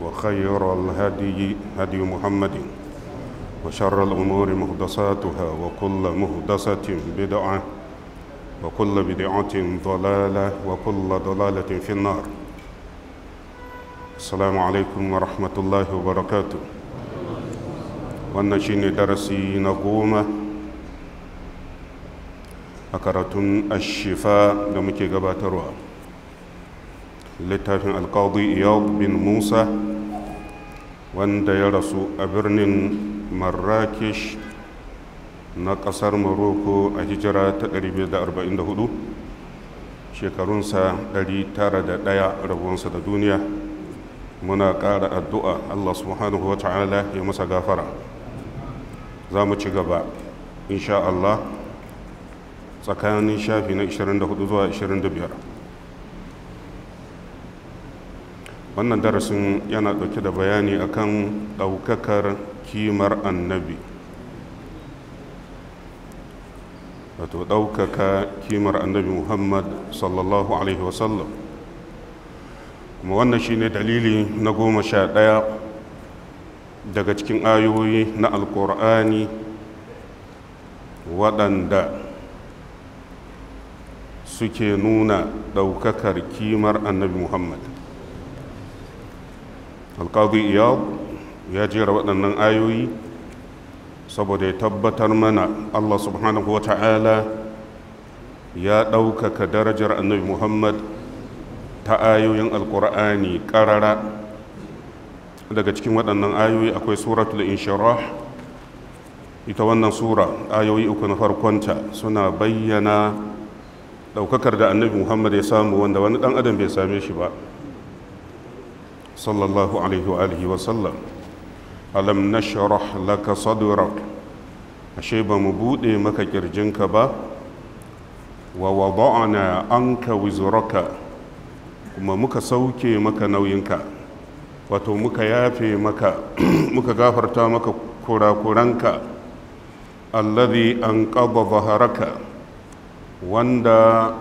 وخير الهدي هدي محمد وشر الأمور مهدساتها وكل مهدسة بدعة وكل بدعة ضلالة وكل ضلالة في النار السلام عليكم ورحمة الله وبركاته والنشين درسي نقوم أكرة الشفاء دمك قبات الرواب littafin alkawdi iyab bin musa wanda ya rasu a birnin marrakesh na ƙasar morocco a hijira ta 544 shekarunsa 901 rabuwansa da duniya muna ƙara addu'a allah subhanahu wa ta'ala ya masa gafara za mu ci gaba insha allah tsakanin shafi na 24 zuwa 25 wannan darasin yana ɗauke da bayani akan ɗaukakar kimar annabi wato ɗaukaka kimar annabi muhammad sallallahu alaihi wasallam kuma wannan shine dalili na goma sha ɗaya daga cikin ayoyi na Alƙur'ani waɗanda suke nuna ɗaukakar kimar annabi muhammad alkazi iya ya jera waɗannan ayoyi saboda ya tabbatar mana allah subhanahu wa ta'ala ya ɗaukaka darajar annabi muhammad ta ayoyin alkur'ani ƙarara daga cikin waɗannan ayoyi akwai suratul inshara ita wannan sura ayoyi uku na farkonta suna bayyana ɗaukakar da annabi muhammad ya samu wanda wani ɗan adam bai same shi ba صلى الله عليه وآله وسلم ألم نشرح لك صدرك أشيب مبودي مكا كرجنك با ووضعنا أنك وزرك kuma muka sauke maka nauyinka wato muka yafe maka muka gafarta maka kurakuranka alladhi an ƙaba zaharaka wanda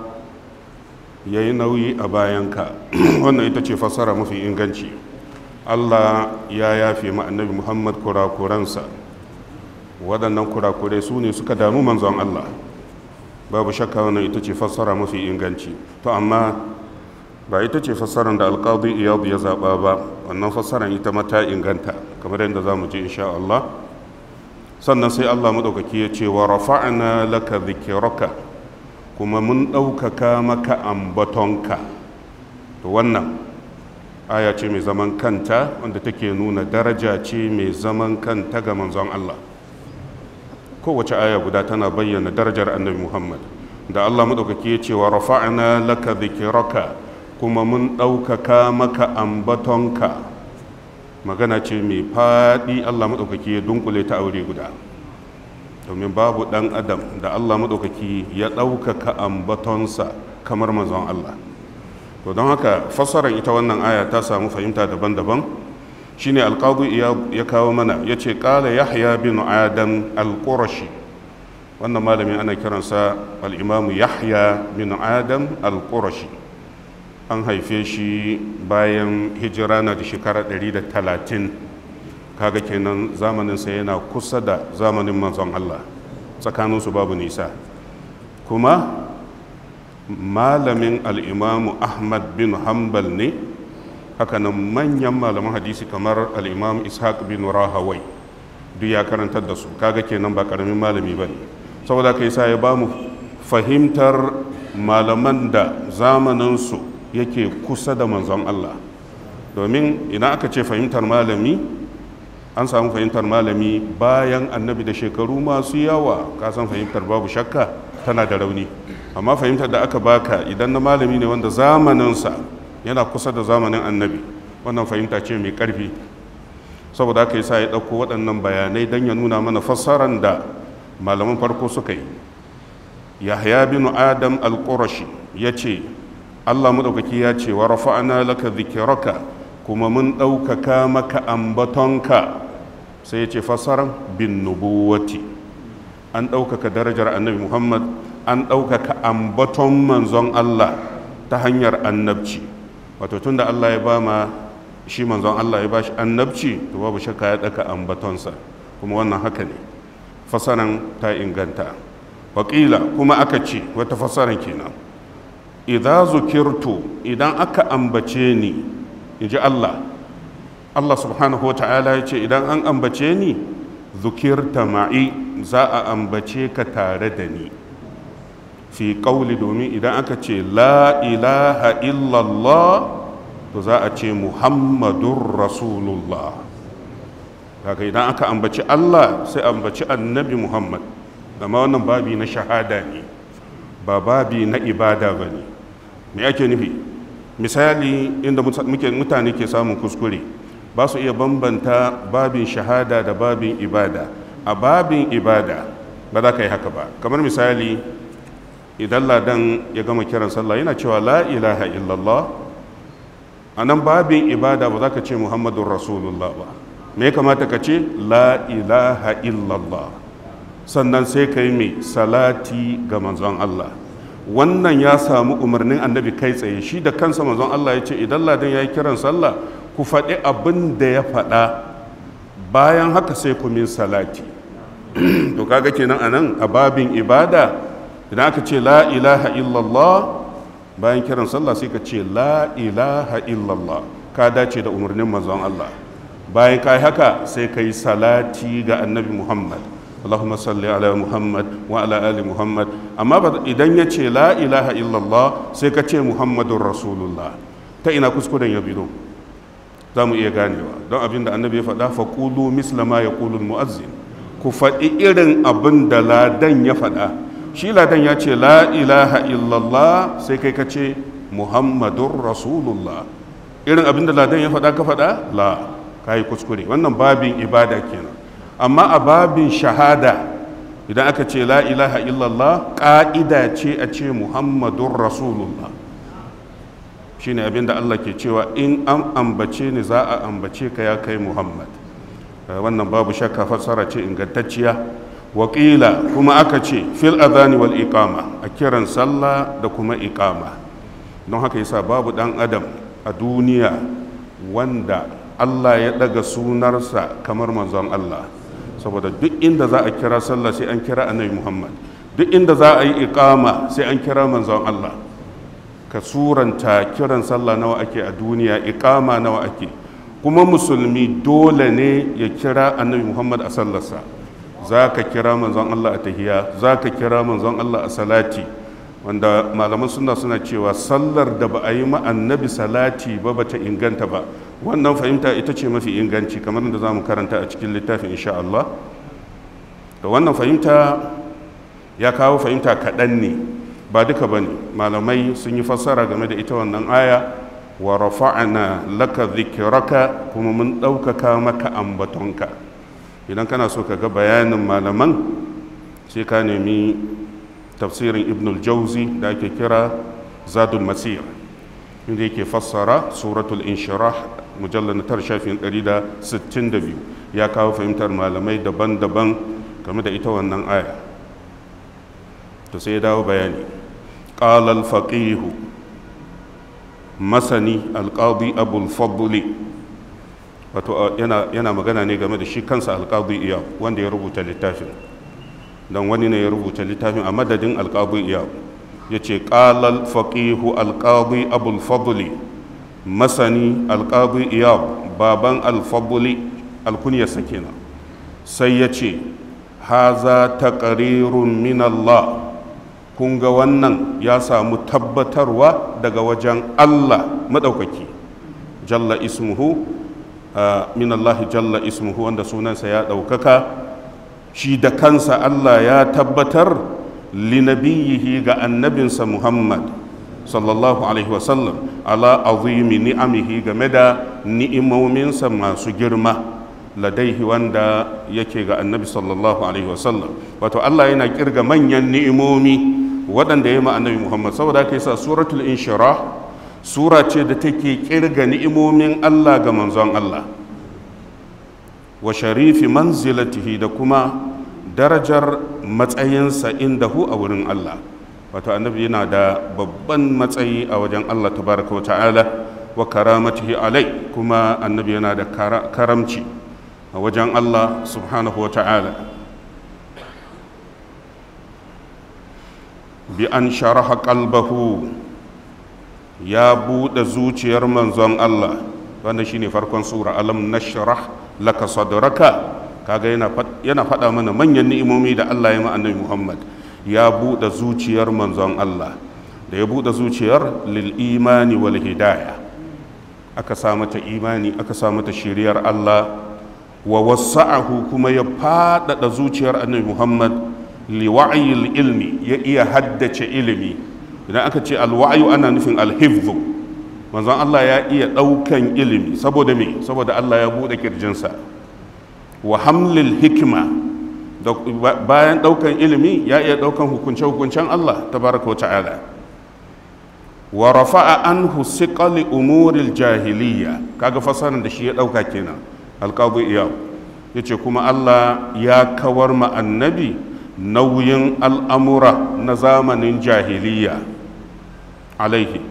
ya yi nauyi a bayanka wannan ita ce fasara mafi inganci allah ya yafe ma annabi muhammad kurakuransa waɗannan kurakurai su ne suka damu manzon allah babu shakka wannan ita ce fasara mafi inganci to amma ba ita ce fassarar da alƙadu iyadu ya zaɓa ba wannan fassarar ita mata inganta kamar yadda za mu ji insha allah sannan sai allah maɗaukaki ya ce wa rafa'ana laka dhikiraka kuma mun ɗaukaka maka ambatonka to wannan aya ce mai zaman kanta wanda take nuna daraja ce mai zaman kanta ga manzon Allah kowace aya guda tana bayyana darajar annabi Muhammad da Allah maɗaukaki ya ce wa rafa'na laka dhikiraka kuma mun ɗaukaka maka ambatonka magana ce mai faɗi Allah maɗaukaki ya dunkule ta aure guda domin babu ɗan adam da allah maɗaukaki ya ɗaukaka ambatonsa kamar manzon allah to don haka fassarar ita wannan aya ta samu fahimta daban-daban shine alƙadu ya kawo mana ya ce ƙala yahya bin adam alƙurashi wannan malami ana kiransa al'imamu yahya bin adam alƙurashi an haife shi bayan hijira na da shekara 130 kaga kenan zamaninsa yana kusa da zamanin manzon Allah tsakaninsu babu nisa kuma malamin al'imamu ahmad bin hanbal ne hakanan manyan malaman hadisi kamar al'imamu ishaq bin rahawai duk ya karantar da su kaga kenan ba karamin malami ba ne saboda ka sa ya ba mu fahimtar malaman da zamaninsu yake kusa da manzon Allah domin ina aka ce fahimtar malami an samu fahimtar malami bayan annabi da shekaru masu yawa ka san fahimtar babu shakka tana da rauni amma fahimtar da aka baka idan na malami ne wanda zamaninsa yana kusa da zamanin annabi wannan fahimta ce mai karfi saboda aka yi sa ya ɗauko waɗannan bayanai don ya nuna mana fassaran da malaman farko suka yi yahya bin adam al ya ce allah maɗaukaki ya ce wa rafa'ana laka zikiraka kuma mun ɗaukaka maka ambatonka sai ya ce fasaran bin nubuwati an ɗaukaka darajar annabi muhammad an ɗaukaka ambaton manzon allah ta hanyar annabci wato tunda allah ya ba ma shi manzon allah ya ba shi annabci to babu shakka ya ɗaka ambatonsa kuma wannan haka ne fasaran ta inganta wakila kuma aka ce wata fasaran kenan idan zukirtu idan aka ambace ni in ji allah Allah subhanahu wa ta'ala ya ce idan an ambace ni zukirta ma'i za a ambace ka tare da ni fi ƙauli domin idan aka ce la ilaha illallah to za a ce muhammadun rasulullah daga idan aka ambaci Allah sai ambaci annabi muhammad gama wannan babi na shahada ne ba babi na ibada ba ne me ake nufi misali inda mutane ke samun kuskure ba su iya bambanta babin shahada da babin ibada a babin ibada ba za ka yi haka ba kamar misali idan ladan ya gama kiran sallah yana cewa la ilaha illallah a nan babin ibada ba za ka ce muhammadun rasulullah ba me ya kamata ka ce la ilaha illallah sannan sai ka yi mai salati ga manzon allah wannan ya samu umarnin annabi kai tsaye shi da kansa manzon allah ya ce idan ladan ya yi kiran sallah ku faɗi abin da ya faɗa bayan haka sai ku min salati to kaga kenan anan a babin ibada idan aka ce la ilaha illallah bayan kiran sallah sai ka ce la ilaha illallah ka dace da umarnin manzon Allah bayan kai haka sai ka yi salati ga annabi Muhammad Allahumma salli ala Muhammad wa ala ali Muhammad amma idan ya ce la ilaha illallah sai ka ce Muhammadun Rasulullah ta ina kuskuren ya bido za mu iya ganewa don abin da annabi ya faɗa fa qulu misla ma yaqulu muazzin ku faɗi irin abin da ladan ya faɗa shi ladan ya ce la ilaha illallah sai kai ka ce muhammadun rasulullah irin abin da ladan ya faɗa ka faɗa la ka yi kuskure wannan babin ibada kenan amma a babin shahada idan aka ce la ilaha illallah ƙa'ida ce a ce muhammadun rasulullah shine abin da Allah ke cewa in an ambace ni za a ambace ka ya kai Muhammad eh, wannan babu shakka fassara ce ingantacciya waƙila kuma aka ce fil adhani wal iqama a kiran sallah da kuma iqama don haka yasa babu dan adam a duniya wanda Allah ya daga sunarsa kamar manzon Allah saboda duk inda za a kira sallah sai an kira annabi Muhammad duk inda za a yi iqama sai an kira manzon Allah ka suranta kiran sallah nawa ake a duniya iqama nawa ake kuma musulmi dole ne ya kira annabi muhammad a sallarsa za ka kira manzon allah a tahiya za ka kira manzon allah a salati wanda malaman suna suna cewa sallar da ba a yi ma annabi salati ba ba inganta ba wannan fahimta ita ce mafi inganci kamar da za mu karanta a cikin littafin insha allah da wannan fahimta ya kawo fahimta kaɗan ne ba duka ba ne malamai sun yi fassara game da ita wannan aya wa rafa'ana laka zikiraka kuma mun ɗaukaka maka ambatonka idan kana so ka ga bayanin malaman sai ka nemi tafsirin ibn jauzi da ake kira zadul masir inda yake fassara suratul inshirah mujallar na sittin shafin biyu ya kawo fahimtar malamai daban-daban game da ita wannan aya to sai ya dawo bayani قال الفقيه مسني القاضي أبو الفضل wato yana magana ne game da shi kansa alƙabu iya wanda ya rubuta littafin don wani ne ya rubuta littafin a madadin alƙabu iya ya ce ƙalal faƙihu alƙabu abulfabuli masani alƙabu iya baban alfabuli alkunyarsa kenan sai ya ce haza ta min Allah kun ga wannan ya samu tabbatarwa daga wajen Allah maɗaukaki jalla ismuhu min Allah jalla ismuhu wanda sunansa ya ɗaukaka shi da kansa Allah ya tabbatar linabiyihi ga annabinsa Muhammad sallallahu alaihi wasallam ala azimi ni'amihi game da ni'imominsa masu girma ladaihi wanda yake ga annabi sallallahu alaihi wasallam wato Allah yana kirga manyan ni'imomi waɗanda ya yi annabi muhammad saboda haka yasa suratul inshira sura ce da take kirga ni'imomin allah ga manzon allah wa sharifi manzilatihi da kuma darajar matsayinsa hu a wurin allah wato annabi yana da babban matsayi a wajen allah tabaraka wa ta'ala wa karamatihi alai kuma annabi yana da karamci a wajen allah subhanahu wa ta'ala bi an sharaha kalbahu ya buɗe zuciyar manzon Allah wanda shine farkon sura alam nashrah laka sadraka kaga yana yana faɗa mana manyan ni'imomi da Allah ya ma annabi Muhammad ya buɗe zuciyar manzon Allah da ya buɗe zuciyar lil imani wal hidaya aka sa mata imani aka sa mata shiriyar Allah wa wasa'ahu kuma ya faɗaɗa zuciyar annabi Muhammad liwa'ayil ilmi ya iya haddace ilimi idan aka ce alwa'ayu ana nufin alhifzu manzon Allah ya iya ɗaukan ilimi saboda me saboda Allah ya buɗe kirjinsa wa hamlil hikima bayan ɗaukan ilimi ya iya ɗaukan hukunce-hukuncen Allah baraka wa ta'ala wa rafa'a anhu siqali umuril jahiliya kaga fasaran da shi ya ɗauka kenan alqabu iyab yace kuma Allah ya kawar ma annabi nauyin al'amura na zamanin jahiliya alaihi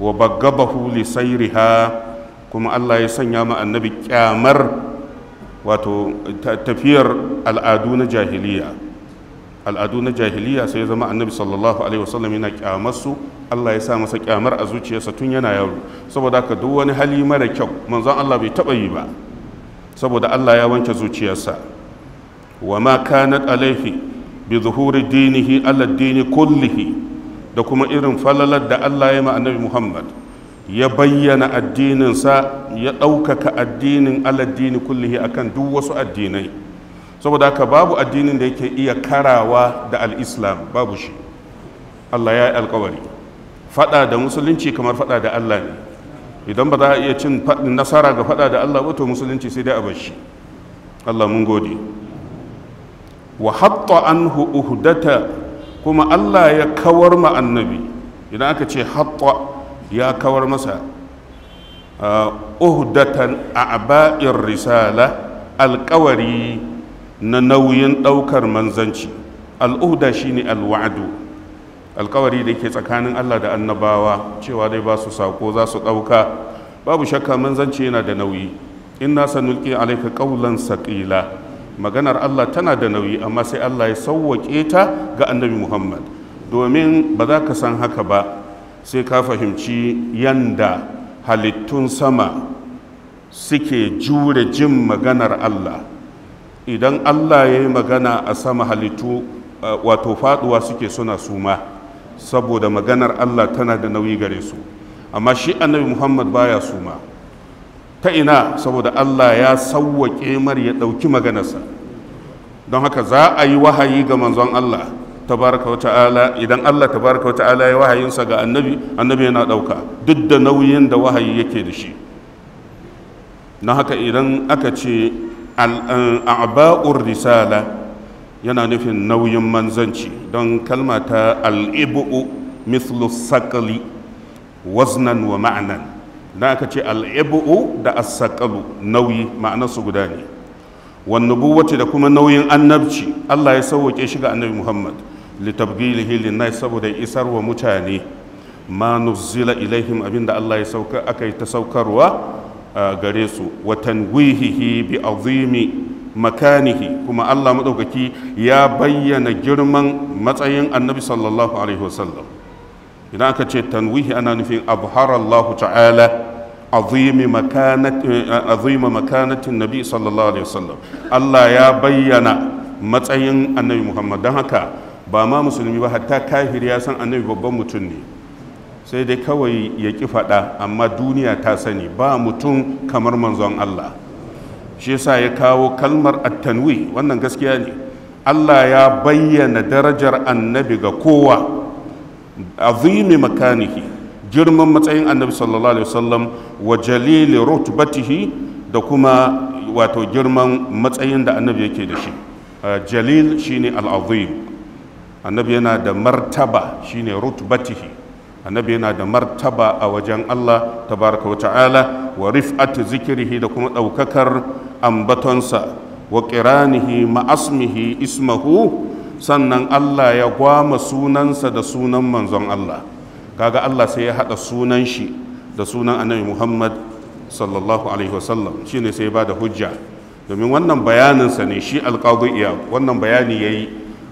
wa baggabahu lisairiha kuma Allah ya sanya ma annabi kyamar wato tafiyar al'adu na jahiliya al'adu na jahiliya sai ya zama annabi sallallahu alaihi wasallam yana kyamarsu Allah ya sa masa kyamar a zuciyarsa tun yana yaro saboda haka duk wani hali mara kyau manzon Allah bai taba yi ba saboda Allah ya wanke zuciyarsa wa ma kanat alaihi bi zuhuri dinihi dini kullihi da kuma irin falalar da Allah ya ma Muhammad ya bayyana addininsa ya ɗaukaka addinin ala dini kullihi akan duk wasu addinai saboda haka babu addinin da yake iya karawa da al babu shi Allah ya yi alkawari faɗa da musulunci kamar fada da Allah ne idan ba za a iya cin nasara ga faɗa da Allah ba to musulunci sai dai a bar shi Allah mun gode wa hatta anhu uhdata kuma Allah ya kawar ma annabi idan aka ce hatta ya kawar masa ah, uhdatan a aba'ir risala alkawari na nauyin ɗaukar manzanci al'uhda shine alwa'adu alkawari da ke tsakanin Allah da annabawa cewa dai ba su sako za su ɗauka babu shakka manzanci yana da nauyi in na sanulki alaika ƙaulansa saƙila maganar Allah tana da nauyi amma sai Allah ya sauwaƙe ta ga annabi Muhammad domin ba za ka san haka ba sai ka fahimci yanda halittun sama suke jure jin maganar Allah idan Allah ya yi magana a sama halittu wato faduwa suke suna suma saboda maganar Allah tana da nauyi gare su amma shi annabi Muhammad baya suma ta ina saboda Allah ya sawwake mar ya ɗauki maganarsa don haka za a yi wahayi ga manzon Allah tabaraka wa ta'ala idan Allah tabaraka wa ta'ala ya wahayinsa ga annabi annabi yana ɗauka duk da nauyin da wahayi yake da shi na haka idan aka ce eh, a'ba'ur risala yana nufin nauyin manzanci don kalmata ta al'ibu mithlu sakali waznan wa ma'anan da aka ce al'ibu'u da asakalu nauyi ma'anarsu guda ne wannan buwace da kuma nauyin annabci allah ya sauwake shi ga annabi muhammad hilin nai saboda isar wa mutane ma nuzila ilaihim abinda allah ya sauka aka yi ta saukarwa gare su wa tanwihihi bi azimi makanihi kuma allah maɗaukaki ya bayyana girman matsayin annabi sallallahu alaihi wasallam idan aka ce tanwihi ana nufin abharallahu ta'ala eh, azima makanatin nabi sallallahu alaihi wasallam Allah ya bayyana matsayin annabi Muhammad don haka ba ma musulmi ba hatta kafir ya san annabi babban mutum ne sai dai kawai ya ki faɗa amma duniya ta sani ba mutum kamar manzon Allah shi yasa ya kawo kalmar at-tanwi wannan gaskiya ne Allah ya bayyana darajar annabi ga kowa azimi makanihi girman matsayin annabi sallallahu alaihi wasallam wa jalili rutbatihi da kuma wato girman matsayin da annabi yake da shi jalil shine al'azim annabi yana da martaba shine rutbatihi annabi yana da martaba a wajen Allah tabaraka wa ta'ala wa rif'at zikrihi da kuma daukakar ambatonsa wa qiranihi ma'asmihi asmihi ismahu sannan Allah ya gwama sunansa da sunan manzon Allah kaga Allah sai ya haɗa sunan shi da sunan annabi Muhammad sallallahu alaihi wasallam shine sai ba da hujja domin wannan bayaninsa ne shi alƙawar iya wannan bayani ya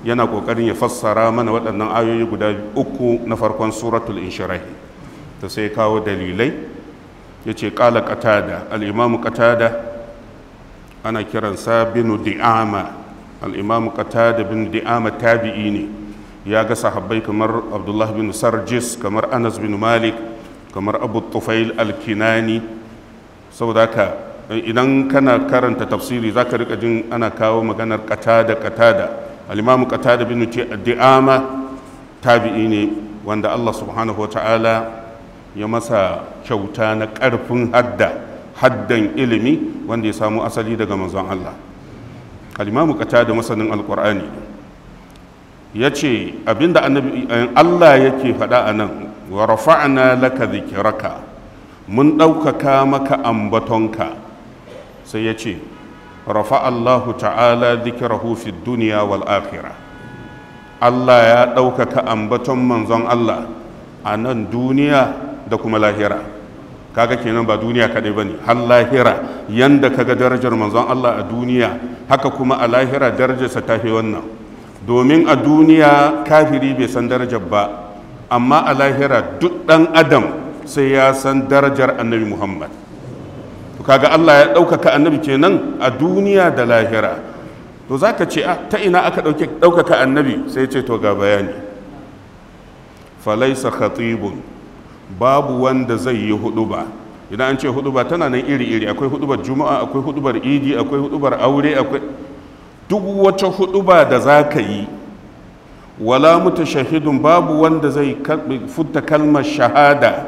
yana ƙoƙarin ya fassara mana waɗannan ayoyi guda uku na farkon suratul inshirahi ta sai kawo dalilai ya ce ƙala ƙatada al'imamu ƙatada ana kiransa binu di'ama al'imamu qatada bin di'ama tabi'i ne ya ga sahabbai kamar abdullah bin sarjis kamar anas bin malik kamar abu tufail al-kinani saboda idan kana karanta tafsiri za ka rika jin ana kawo maganar qatada qatada al'imamu qatada bin di'ama tabi'i ne wanda allah subhanahu wa ta'ala ya masa kyauta na ƙarfin hadda haddan ilimi wanda ya samu asali daga manzon Allah alimamu kata da masanin alkur'ani ya ce abinda allah yake faɗa a nan wa rafa'na laka zikiraka mun ɗaukaka maka ambatonka sai ya ce rafa allahu ta'ala zikirahu fi duniya wal akhira allah ya ɗaukaka ambaton manzon allah a nan duniya da kuma lahira kaga kenan ba duniya kadai bane har lahira yanda kaga darajar manzon Allah a duniya haka kuma a lahira darajarsa ta fi wannan domin a duniya kafiri bai san darajar ba amma a lahira duk dan adam sai ya san darajar annabi Muhammad to kaga Allah ya ɗaukaka annabi kenan a duniya da lahira to zaka ce a ah, ta ina aka ɗaukaka annabi sai ce to ga bayani falaisa khatibun babu wanda zai yi huduba idan an ce huduba tana nan iri-iri akwai hudubar juma'a akwai hudubar idi akwai hudubar aure akwai duk wata huduba da za ka yi wala mutu shahidun babu wanda zai futta kalmar shahada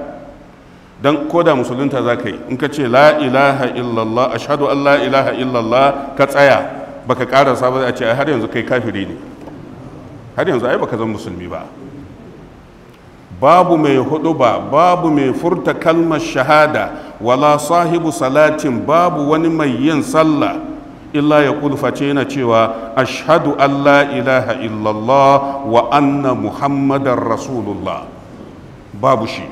don koda musulunta za ka yi in ka ce la ilaha illallah ashadu an la ilaha illallah ka tsaya baka karasa ba a ce har yanzu kai kafiri ne har yanzu ai baka zan musulmi ba babu mai hudu ba babu mai furta kalmar shahada wala sahibu salatin babu wani mai yin sallah illa ya kulface yana cewa ashhadu allah ilaha illallah wa anna muhammadar rasulullah babu shi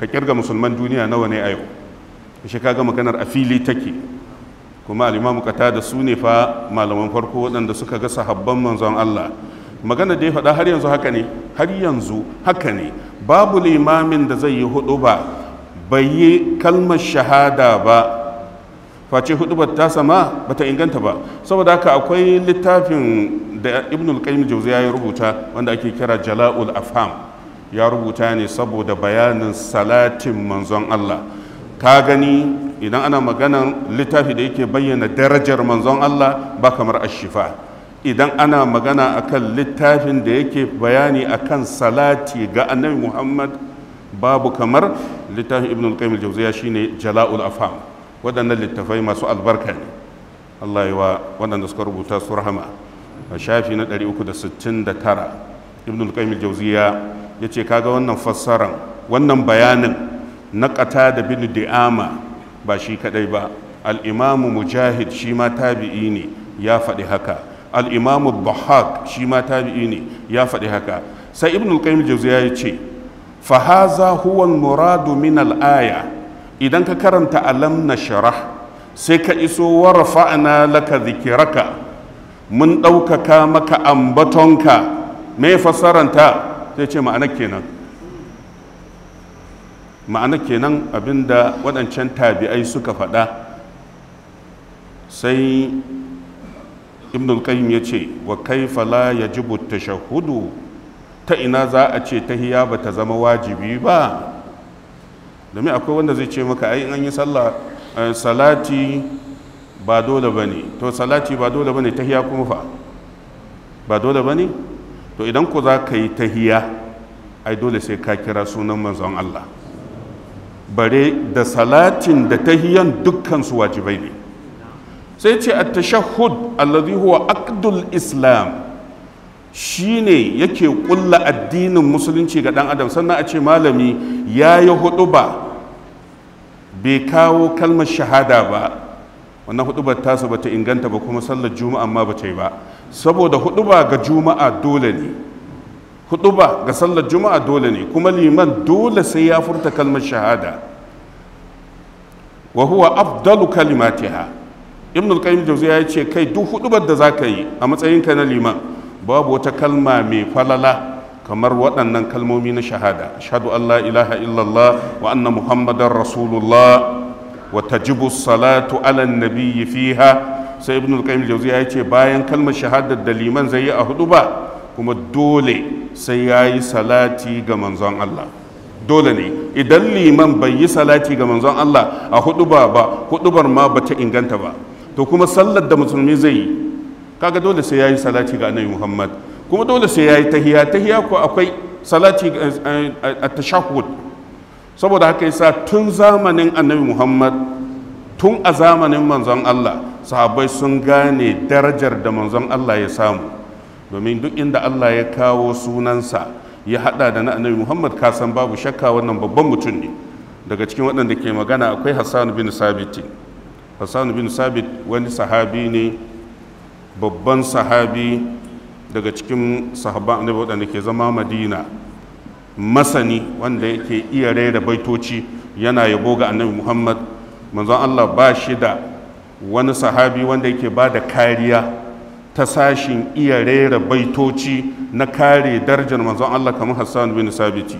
ka kirga musulman duniya nawa ne a yau shi kaga maganar a fili take kuma alimamu kata da su ne fa malaman farko waɗanda suka ga sahabban manzon allah magana da ya faɗa har yanzu haka ne har yanzu haka ne babu limamin da zai yi hudu ba bai yi kalmar shahada ba face hudu ba ta sama ba ta inganta ba saboda haka akwai littafin da ibn al-qayyim jauzi ya rubuta wanda ake kira jala'ul afham ya rubuta ne saboda bayanin salatin manzon Allah ka gani idan ana maganar littafi da yake bayyana darajar manzon Allah ba kamar ashifa idan ana magana akan littafin da yake bayani akan salati ga annabi muhammad babu kamar littafin ibn al-qayyim al-jawziya shine jala'ul afham waɗannan littafai masu albarka ne Allah ya wa waɗanda suka rubuta su rahama a shafi na 369 ibn al-qayyim al-jawziya yace kaga wannan fassaran wannan bayanin na qata da bin di'ama ba shi kadai ba al imamu mujahid shi ma tabi'i ne ya faɗi haka al-imamu bahak shi ma tabi'i ne ya faɗi haka sai ibn al-qayyim jawziya ya ce fa haza muradu min al idan ka karanta alam nashrah sai ka iso wa rafa'na laka dhikraka mun ɗaukaka maka ambatonka me fassaranta sai ce ma'ana kenan abinda waɗancan tabi'ai suka faɗa sai ibn al-qayyim yace wa kaifa la yajibu tashahhudu ta ina za a ce tahiyya ba ta zama wajibi ba domin akwai wanda zai ce maka ai an yi sallah eh, salati ba dole bane to salati ba dole bane tahiyya kuma fa ba dole bane to idan ku za ka yi tahiyya ai dole sai ka kira sunan manzon Allah bare da salatin da tahiyan dukkan su wajibai ne sai ce a tashahud alladhi huwa aqdul islam shine yake kulla addinin musulunci ga dan adam sannan a ce malami hudu ba bai kawo kalmar shahada ba wannan hudubar tasu bata inganta ba kuma sallar juma'a ma bata yi ba saboda ba ga juma'a dole ne ba ga sallar juma'a dole ne kuma liman dole sai ya furta kalmar shahada wa huwa afdalu kalimatiha ibn al-qayyim jauziya ya ce kai duk hudubar da za ka yi a matsayinka na liman babu wata kalma mai falala kamar waɗannan kalmomi na shahada ashhadu an la ilaha illallah wa anna muhammadan rasulullah wa tajibu salatu ala nabiyyi fiha sai ibn al-qayyim jauziya ya ce bayan kalmar shahadar da liman zai yi a huduba kuma dole sai ya yi salati ga manzon Allah dole ne idan liman bai yi salati ga manzon Allah a huduba ba hudubar ma bata inganta ba to kuma sallar da musulmi zai yi kaga dole sai ya yi salati ga annabi Muhammad kuma dole sai ya yi tahiya tahiya ko akwai salati eh, eh, a tashahud saboda haka yasa tun zamanin annabi Muhammad tun a zamanin manzon Allah sahabbai sun gane darajar da manzon Allah ya samu domin duk inda Allah ya kawo sunansa ya hada da na annabi Muhammad ka san babu shakka wannan babban mutum ne daga cikin waɗanda ke magana akwai Hassan bin Sabiti hassan bin sabit wani sahabi ne babban sahabi daga cikin sahabban waɗanda ke zama madina masani wanda yake iya rera baitoci yana yabo ga annabi muhammad manzon allah ba shi da wani sahabi wanda yake ba da kariya ta sashin iya rera baitoci na kare darajar manzon allah kamar hassan bin sabiti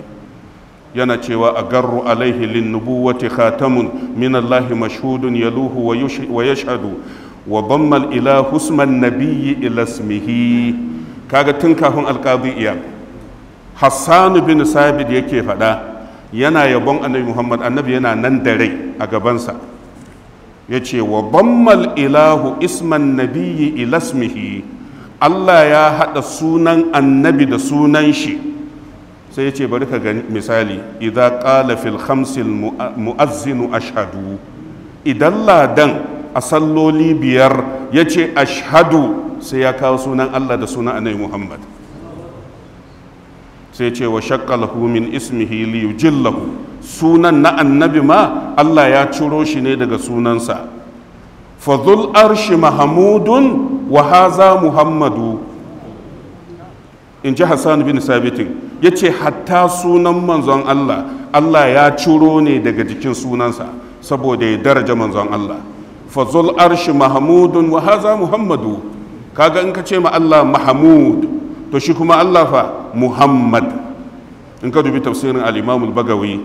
yana cewa a garru alaihi linnubuwati khatamun min allahi mashhudun yaluhu wa yashhadu wa bammal ila husman nabiyyi ila smihi kaga tun kafin alqadi iya hassan bin sabit yake faɗa yana yabon annabi muhammad annabi yana nan da rai a gabansa ya ce wa bammal ilahu isman nabiyyi ilasmihi Allah ya haɗa sunan annabi da sunan shi sai ya ce bari ka gani misali idan qala fil khamsil mu'azzinu ashhadu idan ladan a salloli biyar ya ce ashhadu sai ya kawo sunan Allah da sunan annabi Muhammad sai ce wa shakkalahu min ismihi li yujillahu sunan na annabi ma Allah ya ciro shi ne daga sunansa fadhul arshi mahamudun wa haza muhammadu in ji hassan bin sabitin ya ce hatta sunan manzon Allah Allah ya ciro ne daga jikin sunansa saboda ya daraja manzon Allah fazul arshi mahamudun wa haza muhammadu kaga in ka ce ma Allah mahamud to shi kuma Allah fa muhammad in ka dubi tafsirin al bagawi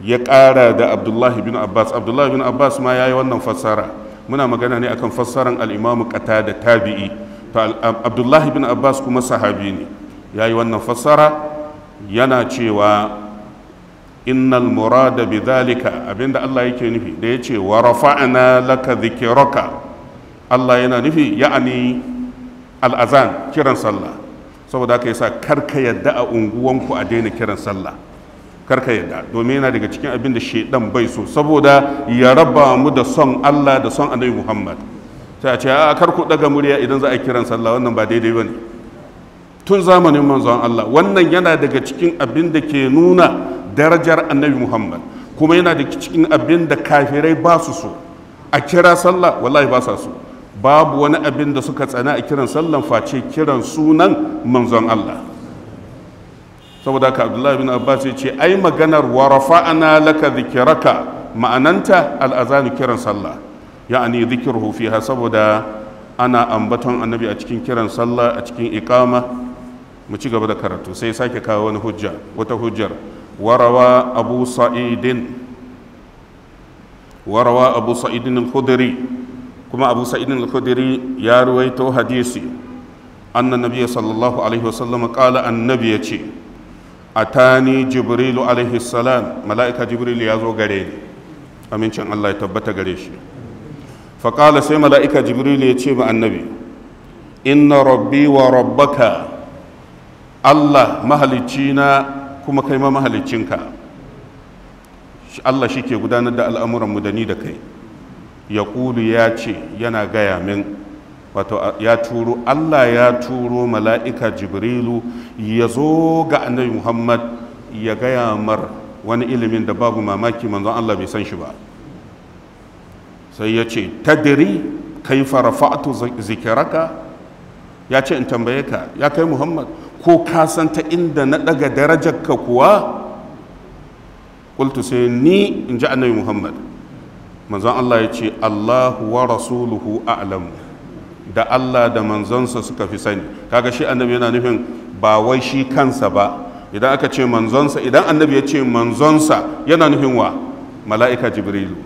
ya ƙara da abdullahi bin abbas abdullahi bin abbas ma ya yi wannan fassara muna magana ne akan fassaran al-imam da tabi'i to abdullahi bin abbas kuma sahabi ne ya yi wannan fassara yana cewa innal murada bi zalika abinda Allah yake nufi da ya ce wa rafa'ana laka dhikiraka Allah yana nufi ya'ani al'azan kiran sallah saboda haka yasa karka yadda a unguwanku a daina kiran sallah karka yadda domin yana daga cikin abin da shedan bai so saboda ya raba mu da son Allah da son annabi Muhammad sai a ce a kar ku daga murya idan za a kiran sallah wannan ba daidai bane tun zamanin manzon Allah wannan yana daga cikin abin da ke nuna darajar annabi Muhammad kuma yana da cikin abin da kafirai ba su so a kira sallah wallahi ba sa so babu wani abin da suka tsana a kiran sallan face kiran sunan manzon Allah saboda ka Abdullahi bin Abbas ya ce ai maganar wa rafa'ana laka dhikraka ma'ananta al-azan kiran sallah ya'ani dhikruhu fiha saboda ana ambaton annabi a cikin kiran sallah a cikin iqama mu ci gaba da karatu sai sake kawo wani hujja wata hujjar warawa abu sa'idin warawa abu sa'idin al-khudri kuma abu sa'idin al-khudri ya ruwaito hadisi anna nabiyya sallallahu alaihi wa sallam qala annabi yace atani jibrilu alaihi salam mala'ika jibril ya zo gare ni amincin Allah ya tabbata gare shi fa qala sai mala'ika jibril ya ce ba annabi inna rabbi wa rabbaka Allah mahalicci na kuma kai ma mahalicinka Allah shi ke gudanar da al'amuranmu da ni da kai ya ƙulu ya ce yana gaya min wato ya turo Allah ya turo mala'ika jibrilu ya zo ga annabi Muhammad ya gaya mar wani ilimin da babu mamaki manzon Allah bai san shi ba sai ya ce tadiri kai farafa'atu zikiraka ya ce in tambaye ka ya kai Muhammad ko ka san ta inda na daga darajarka kuwa qultu sai ni in ji annabi muhammad manzon Allah ya ce Allahu wa rasuluhu a'lamu da Allah da manzonsa suka fi sani kaga shi annabi yana nufin ba wai shi kansa ba idan aka ce manzonsa idan annabi ya ce manzonsa yana nufin wa mala'ika jibrilu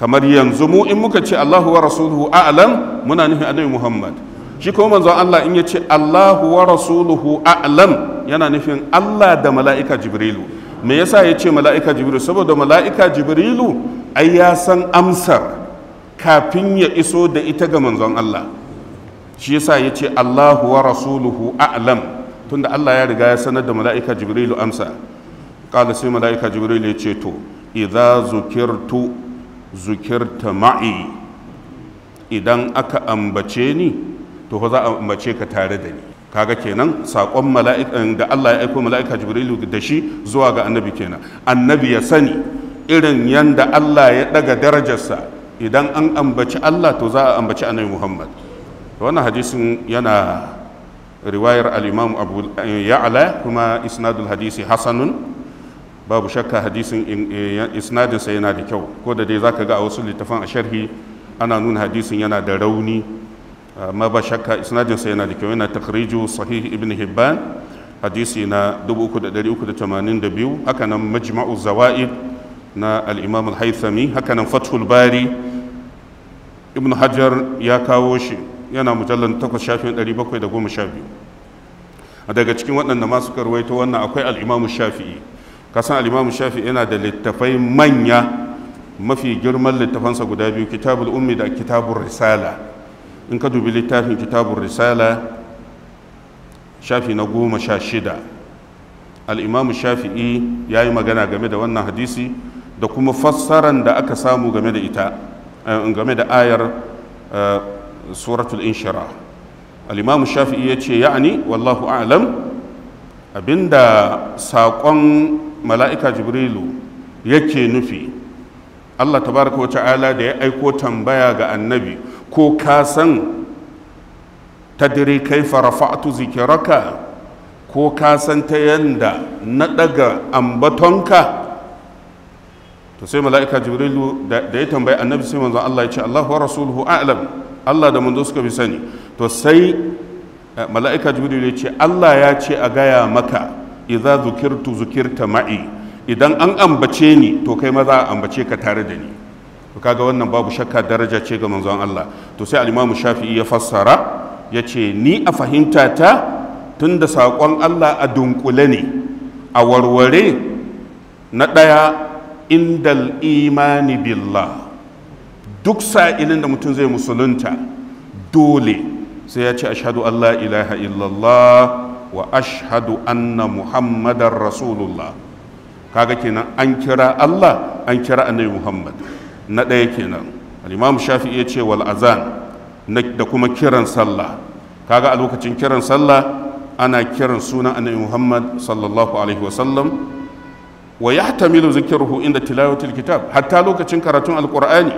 kamar yanzu mu in muka ce allahu wa rasuluhu a'lam muna nufin annabi muhammad shi ko manzon Allah in yace Allahu wa rasuluhu a'lam yana nufin Allah da mala'ika Jibrilu me yasa yace mala'ika Jibrilu saboda mala'ika Jibrilu ai ya san amsar kafin ya iso da ita ga manzon Allah shi yasa yace Allahu wa rasuluhu a'lam tunda Allah ya riga ya sanar da mala'ika Jibrilu amsa kala sai mala'ika Jibrilu yace to idza zukirtu zukirta ma'i idan aka ambace ni to fa za a mace ka tare da ni kaga kenan sakon mala'ikan eh, da Allah ya aiko mala'ika Jibrilu da shi zuwa ga annabi kenan annabi ya sani irin yanda Allah ya daga darajarsa idan an ambaci Allah to za a ambaci annabi Muhammad wannan hadisin yana riwayar al-Imam Abu Ya'la kuma isnadul hadisi hasanun babu shakka hadisin eh, isnadinsa yana da kyau ko da dai zaka ga a wasu littafan a sharhi ana nuna hadisin yana da rauni amma ba shakka isnadin yana da kyau yana takhriju sahih ibn hibban hadisi na 3382 haka nan majma'u zawaid na al-imam al-haythami haka nan fathul bari ibn hajar ya kawo shi yana mujallar 8 shafin 712 daga cikin waɗanda masu karwaito wannan akwai al-imam shafi'i kasan al-imam shafi'i yana da littafai manya mafi girman littafansa guda biyu kitabul ummi da kitabul risala in ka dubi littafin kitabun risala shafi na goma sha shida al'imamu shafi'i ya yi magana game da wannan hadisi da kuma fassaran da aka samu game da ita eh, game da ayar eh, suratul inshira al'imamu shafi'i ya ce ya'ani wallahu a'lam abinda saƙon mala'ika jibrilu yake nufi allah tabaraka wa ta'ala da ya aiko tambaya ga annabi ko ka san tadiri kai rafa'tu zikiraka ko ka san ta yanda na daga ambatonka to sai mala'ika jibrilu da ya tambayi annabi sai manzon Allah ya ce Allahu wa rasuluhu a'lam Allah da manzo suka bi sani to sai eh, mala'ika jibrilu ya ce Allah ya ce a gaya maka idza zukirtu zukirta ma'i idan an ambace ni to kai maza a ambace ka tare da ni to kaga wannan babu shakka daraja ce ga manzon Allah to sai al-Imam Shafi'i ya fassara yace ni a fahimta ta tunda saƙon Allah a dunkule ne a warware na ɗaya indal imani billah duk sa'ilin da mutum zai musulunta dole sai ya ce ashadu Allah ilaha illallah wa ashhadu anna muhammadar rasulullah kaga kenan an kira Allah an kira annabi Muhammad na ɗaya kenan al'imam shafi ya ce wal azan da kuma kiran sallah kaga a lokacin kiran sallah ana kiran sunan annabi muhammad sallallahu alaihi wasallam wa ya tamilu zikiruhu inda tilawatul kitab hatta lokacin karatun alqur'ani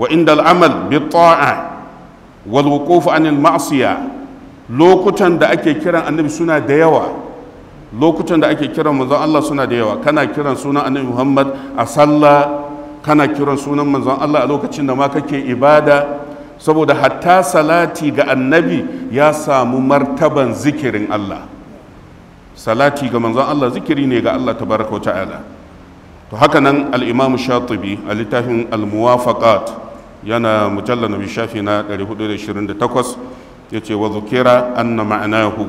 wa inda al'amal bi ta'a wal wuquf anil ma'siya lokutan da ake kiran annabi suna da yawa lokutan da ake kiran manzon Allah suna da yawa kana kiran sunan annabi Muhammad a sallah kana kiran sunan manzon Allah a lokacin da ma kake ibada saboda hatta salati ga annabi ya samu martaban zikirin Allah salati ga manzon Allah zikiri ne ga Allah tabaraka wa ta'ala to haka nan al-imam shatibi a littafin al-muwafaqat yana mujalla nabi shafi na 428 yace wa zukira anna ma'anahu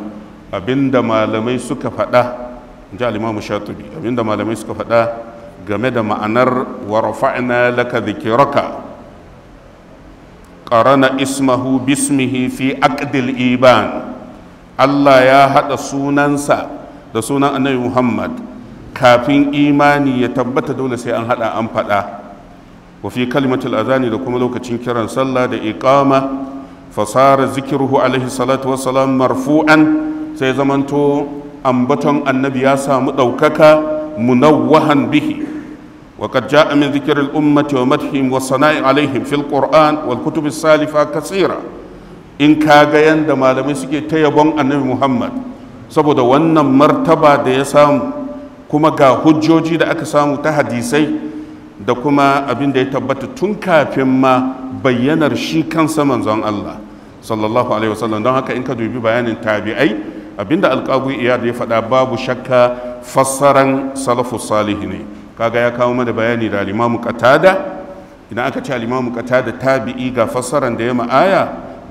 abinda malamai suka faɗa in ji al-imam shatibi abinda malamai suka faɗa game da ma'anar wa rafa'na laka dhikiraka qarana ismahu bismihi fi aqdil iban Allah ya hada sunansa da sunan annabi Muhammad kafin imani ya tabbata dole sai an hada an fada wa fi kalimatul azani da kuma lokacin kiran sallah da iqama fasara zikiruhu alaihi salatu wassalam marfu'an sai zamanto ambaton annabi ya samu ɗaukaka munawwahan bihi وقد جاء من ذكر الأمة ومدحهم والصناع عليهم في القرآن والكتب السالفة كثيرا إن كاغيان دا مالمي سكي تيبون النبي محمد سبو دا ونن مرتبة دا يسام كما غا حجوجي دا أكسام تحديثي دا كما أبين دا يتبت تنكا فيما بيّنر شي كان سمن زان الله صلى الله عليه وسلم دون هكا إن كدو بيان تابعي أبين دا القابو إياد يفتا باب شكا فسرا سلف الصالحين kaga ya kawo mana bayani da limamu qatada idan aka ce limamu qatada tabi'i ga fassaran da ya ma'aya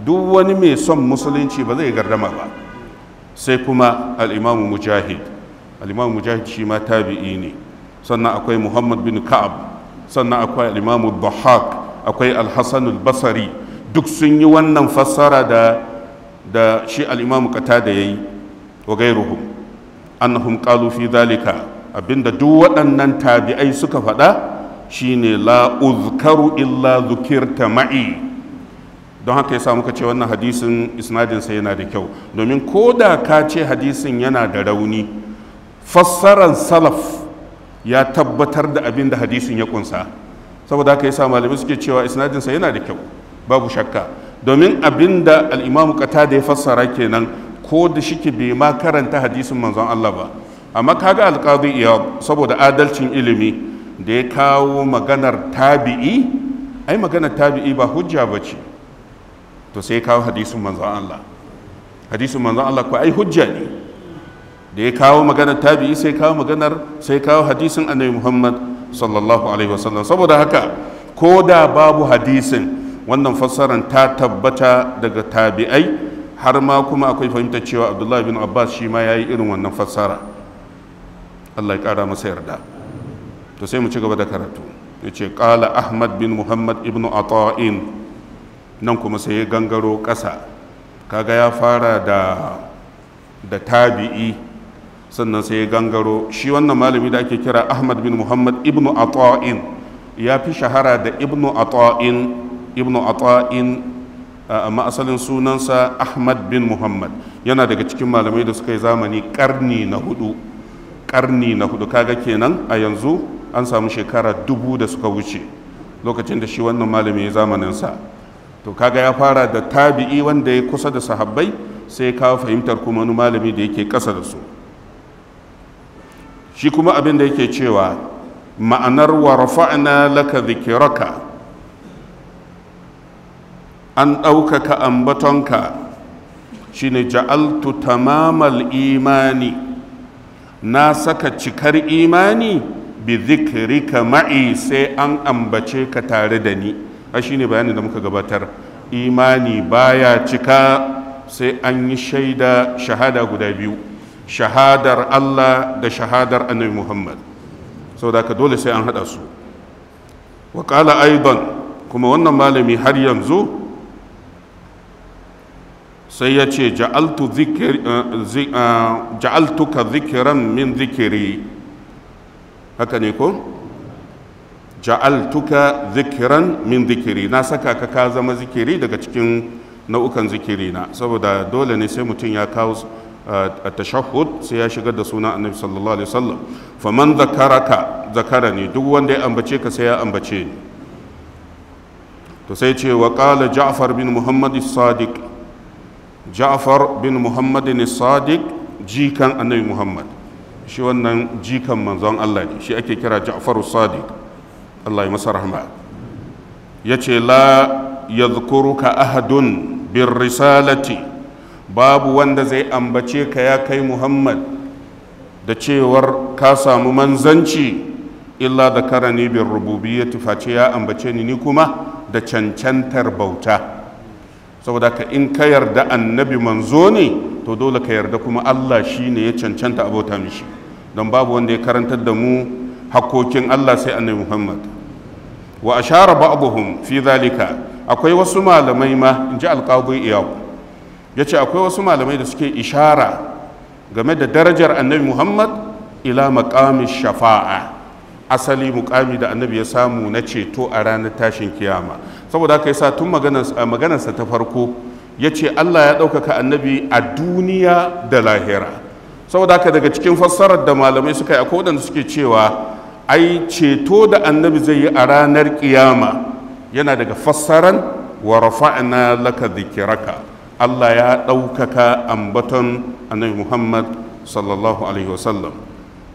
duk wani mai son musulunci ba zai gardama ba sai kuma al'imamu mujahid al'imamu mujahid shi ma tabi'i ne sannan akwai muhammad bin ka'ab sannan akwai al'imamu bahak akwai alhassan basari duk sun yi wannan fassara da da shi al'imamu qatada ya yi wa gairuhum annahum qalu fi dhalika abinda duk waɗannan tabi'ai suka faɗa shine la uzkaru illa zukirta ma'i don haka yasa muka ce wannan hadisin isnadinsa yana da kyau domin ko da ka ce hadisin yana da rauni fassaran salaf ya tabbatar da abin da hadisin ya kunsa saboda haka yasa malamai suke cewa isnadinsa yana da kyau babu shakka domin abin da al'imamu kata da ya fassara kenan ko da shike bai ma karanta hadisin manzon Allah ba amma kaga alqadi iyad saboda adalcin ilimi da ya kawo maganar tabi'i ai maganar tabi'i ba hujja ba ce to sai kawo hadisin manzan Allah hadisin manzan Allah ko ai hujja ne da ya kawo maganar tabi'i sai kawo maganar sai kawo hadisin annabi Muhammad sallallahu alaihi wasallam saboda haka ko da babu hadisin wannan fassarar ta tabbata daga tabi'ai har ma kuma akwai fahimtar cewa Abdullahi bin Abbas shi ma yayi irin wannan fassara Allah ya kara masa yarda to sai mu ci gaba da karatu yace qala ahmad bin muhammad ibnu ata'in nan kuma sai ya gangaro ƙasa kaga ya fara da da tabi'i sannan sai ya gangaro shi wannan malami da ake kira ahmad bin muhammad ibnu ata'in ya fi shahara da ibnu ata'in ibnu ata'in amma asalin sunansa ahmad bin muhammad yana daga cikin malamai da suka yi zamani ƙarni na hudu karni na hudu kaga kenan a yanzu an samu shekara dubu da suka wuce lokacin da shi wannan malami ya zamaninsa to kaga ya fara da tabi'i wanda ya kusa da sahabbai sai kawo fahimtar kuma wani malami da yake kasa da su shi kuma abin da yake cewa ma'anar wa rafa'na laka dhikiraka an ɗaukaka ambatonka shine ja'altu tamamal imani na saka cikar imani bi zikrika ma'i sai an ambace ka tare da ni a shine bayani da muka gabatar imani baya cika sai an yi shaida shahada guda biyu shahadar Allah da shahadar annabi Muhammad saboda ka dole sai an hada su wa kala aidan kuma wannan malami har yanzu sai ya ce eh, eh, ja'altuka zikiran min zikiri haka ne ko ja'altuka zikiran min zikiri na saka ka ka zama zikiri daga cikin nau'ukan zikiri na saboda dole ne sai mutum ya kawo eh, a tashahud sai ya shigar da suna annabi sallallahu alaihi wasallam man zakaraka zakara ne duk wanda ya ambace ka sai ya ambace to sai ce wa qala ja'far bin muhammad as-sadiq ja'far bin muhammadin sadiq jikan annabi muhammad shi wannan jikan manzon allah ne shi ake kira jafaru sadiq allah ya masa rahma ya ce la ka ahadun bin risalati babu wanda zai ambace ka ya kai muhammad da cewar ka samu manzanci illa da karani bin rububiyyati face ya ambace ni ni kuma da cancantar bauta saboda ka in ka yarda annabi manzo ne to dole ka yarda kuma Allah shi ne ya cancanta abota mishi don babu wanda ya karantar da mu hakkokin Allah sai annabi Muhammad wa ashara ba'dhum fi zalika akwai wasu malamai ma inji alqabi iyaw yace akwai wasu malamai da suke ishara game da darajar annabi Muhammad ila maqami shafa'a asali muqami da annabi ya samu na ceto a ranar tashin kiyama saboda haka yasa tun eh, maganarsa ta farko ya ce Allah ya ɗaukaka annabi a duniya da lahira saboda haka daga cikin fassarar da malamai suka yi akwai waɗanda suke cewa ai ceto da annabi zai yi a ranar kiyama yana daga fassaran wa rafa'na laka dhikiraka Allah ya ɗaukaka ambaton annabi Muhammad sallallahu alaihi wasallam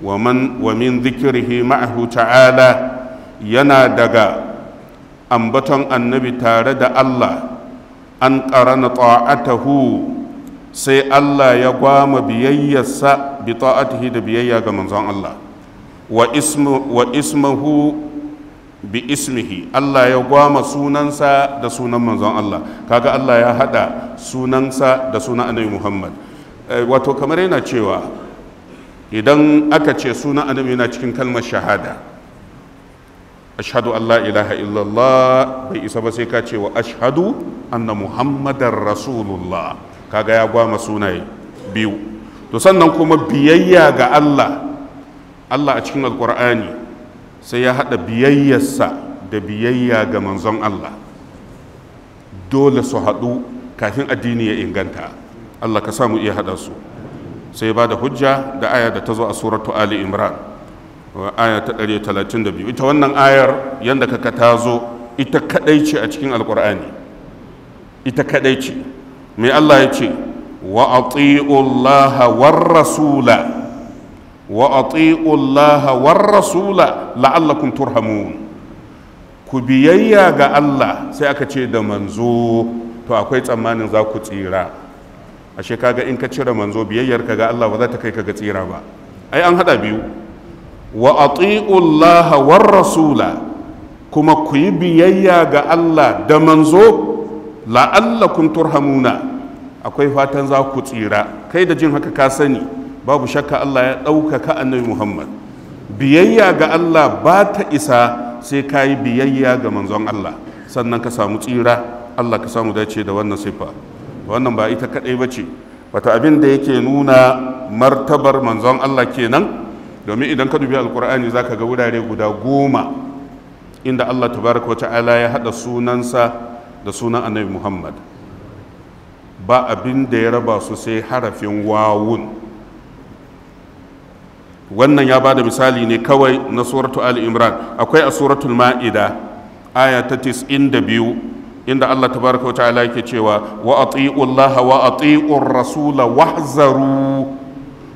wa wa min dhikrihi ma'ahu ta'ala yana daga ambaton annabi tare da Allah an ƙarana ta'atahu sai Allah ya gwama biyayyarsa bi ta'atihi da biyayya ga manzon Allah wa ismahu bi ismihi Allah ya gwama sunansa da sunan manzon Allah kaga Allah ya hada sunansa da sunan annabi Muhammad eh, wato kamar yana cewa idan aka ce sunan annabi yana cikin kalmar shahada ashadu Allah ilaha illallah bai isa ba sai ka ce wa ashhadu anna muhammadar rasulullah kaga ya gwama sunaye biyu to sannan kuma biyayya ga Allah Allah a cikin alkur'ani sai ya haɗa biyayyarsa da biyayya ga manzon Allah dole su haɗu kafin addini ya inganta Allah ka samu iya haɗa su sai ba da hujja da aya da ta zo a suratu Ali Imran aya ta 132 ita wannan ayar yadda kaka ta zo ita kadai ce a cikin alkur'ani ita kadai ce mai allah ya ce wa ati'ullaha war rasula wa ati'ullaha war rasula la'allakum turhamun ku biyayya ga allah sai aka ce da manzo to akwai tsammanin za ku tsira ashe kaga in ka cire manzo biyayyar ka ga Allah ba za ta kai ka ga tsira ba ai an hada biyu wa atiqullaha war rasula kuma ku yi biyayya ga Allah da manzo la'allakum turhamuna akwai fatan za ku tsira kai da jin haka ka sani babu shakka Allah ya ɗaukaka annabi Muhammad biyayya ga Allah ba ta isa sai ka yi biyayya ga manzon Allah sannan ka samu tsira Allah ka samu dace da wannan siffa wannan ba ita kaɗai ba ce wata abin da yake nuna martabar manzon Allah kenan domin idan ka dubi alkur'ani za ka ga wurare guda goma inda allah tabaraka wata'ala ya haɗa sunansa da sunan annabi muhammad ba abin da ya raba su sai harafin wawun wannan ya ba da misali ne kawai na suratu al-imran akwai a suratul ma'ida aya ta biyu inda allah tabaraka wata'ala ke cewa wa ati'u wa ati'u rasula wahzaru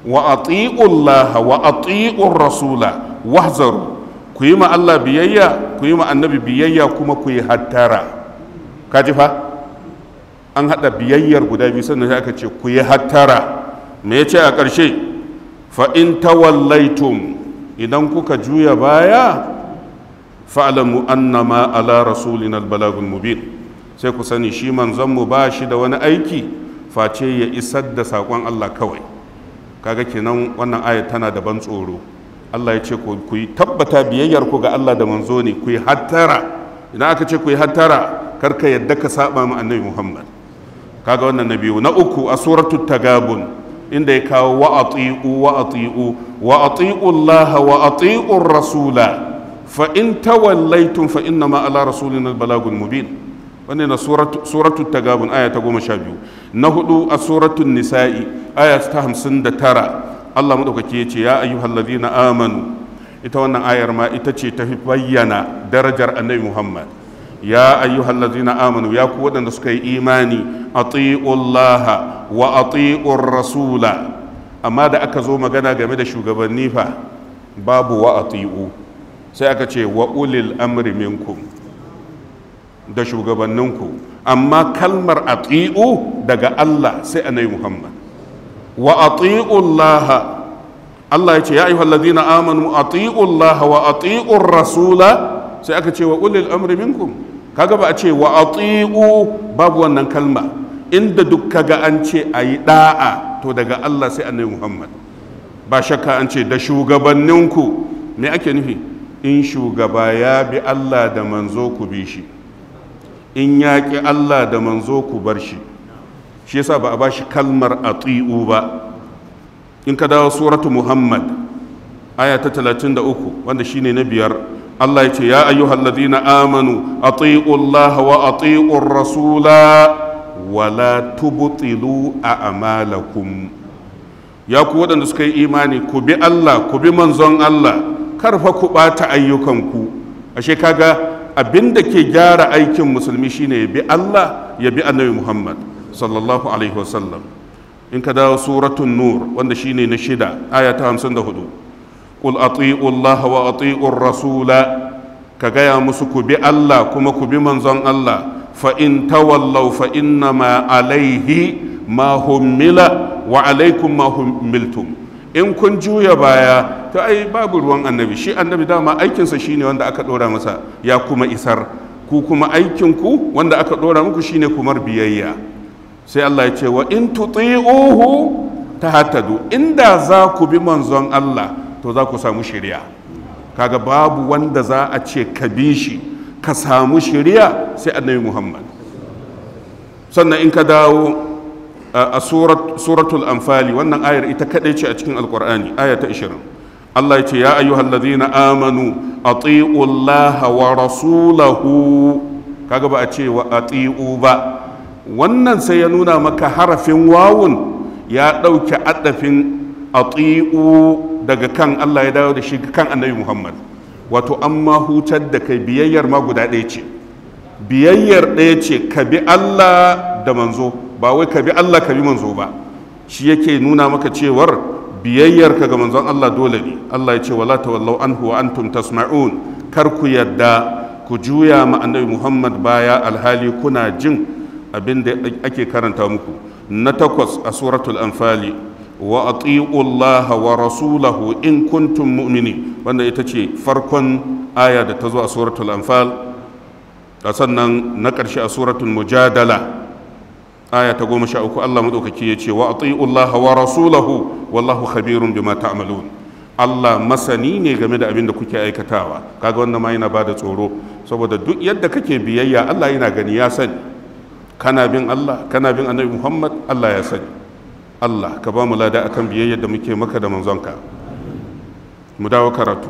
wa ati'u Allah Rasula wahzaru ku ma Allah biyayya ku ma annabi biyayya kuma kuyi yi hattara kaji an hada biyayyar guda biyu sannan sai aka ce ku hattara me yace a ƙarshe fa in idan kuka juya baya fa'alamu annama ala rasulina albalagul mubin sai ku sani shi manzon mu ba shi da wani aiki face ya isar da saƙon Allah kawai kaga kenan wannan ayat tana da ban tsoro Allah ya ce ku yi tabbata biyayyar ku ga Allah da manzo ne ku yi hattara idan aka ce ku yi hattara kar ka yadda ka saba ma annabi Muhammad kaga wannan na biyu na uku a suratu tagabun inda ya kawo wa ati'u wa ati'u wa ati'u Allah wa ati'u rasula fa in tawallaytum fa inna ma ala rasulina al-balagul mubin wannan na suratu suratu tagabun aya ta 12 na hudu a suratun nisa'i aya ta hamsin da tara allah maɗaukaki ya ce ya ayyuhallazi na amanu ita wannan ayar ma ita ce ta bayyana darajar annabi muhammad ya ayyuhallazi na amanu ya ku waɗanda suka yi imani a tsi'ullaha wa a tsi'ur rasula amma da aka zo magana game da shugabanni fa babu wa a sai aka ce wa ulil amri minkum da shugabanninku amma kalmar ati'u daga Allah sai annabi Muhammad wa ati'u Allah Allah ya ce ya ayyuhal ladina amanu ati'u Allah wa ati'u rasula sai aka ce wa ulil amri minkum kaga ba a ce wa ati'u babu wannan kalma inda duk kaga an ce ayi da'a to daga Allah sai annabi Muhammad ba shakka an ce da shugabanninku me ake nufi in shugaba ya bi Allah da manzo ku bi shi in ya ƙi Allah da manzo ku bar shi shi yasa ba a ba shi kalmar a tsi'u ba in ka dawo suratu muhammad aya ta 33 wanda shi ne na biyar Allah ya ce ya ayyuhal ladina amanu a tsi'u Allah wa tsi'u rasula wa la a a'malakum ya ku waɗanda suka yi imani ku bi Allah ku bi manzon Allah karfa ku ɓata ayyukanku ashe kaga abin da ke gyara aikin musulmi shine ya bi Allah ya bi annabi Muhammad sallallahu alaihi wasallam in ka dawo suratun nur wanda shine na shida aya ta 54 qul ati'u Allah wa ati'u rasula ka gaya musu ku bi Allah kuma ku bi manzon Allah fa in tawallaw fa inna ma alaihi ma hummila wa alaikum ma hummiltum in kun juya baya to ai babu ruwan annabi shi annabi dama aikinsa shine wanda aka dora masa ya kuma isar ku kuma aikinku wanda aka dora muku shine kumar biyayya sai Allah ya ce wa in tuti'uhu tahtadu inda za ku bi manzon Allah to za ku samu shari'a kaga babu wanda za a ce ka bi shi ka samu shari'a sai annabi Muhammad sannan in ka dawo a suratul anfali wannan ayar ita kadai ce a cikin alkur'ani aya ta 20 Allah ya ce ya ayyuhal ladina amanu ati'u Allah kaga ba a ce wa ati'u ba wannan sai ya nuna maka harafin wawun ya dauke adafin ati'u daga kan Allah ya dawo da shi kan Annabi Muhammad wato amma hutar da kai biyayyar ma guda ɗaya ce biyayyar ɗaya ce ka bi Allah da manzo ba wai ka bi Allah ka bi manzo ba shi yake nuna maka cewar biyayyarka ga manzon Allah dole ne Allah ya ce wala tawallau anhu wa antum tasma'un kar ku yadda ku juya ma annabi Muhammad baya alhali kuna jin abin da ake karanta muku na takwas a suratul anfali wa ati'u Allah wa rasulahu in kuntum mu'mini wanda ita ce farkon aya da ta zo a suratul anfal sannan na ƙarshe a suratul mujadala aya ta goma sha uku Allah maɗaukaki ya ce wa ati'ullaha wa rasulahu wallahu khabirun bima ta'malun Allah masani ne game da abin da kuke aikatawa kaga wannan ma yana bada tsoro saboda duk yadda kake biyayya Allah yana gani ya sani kana bin Allah kana bin Annabi Muhammad Allah ya sani Allah ka ba mu lada akan biyayyar da muke maka da manzonka mu dawo karatu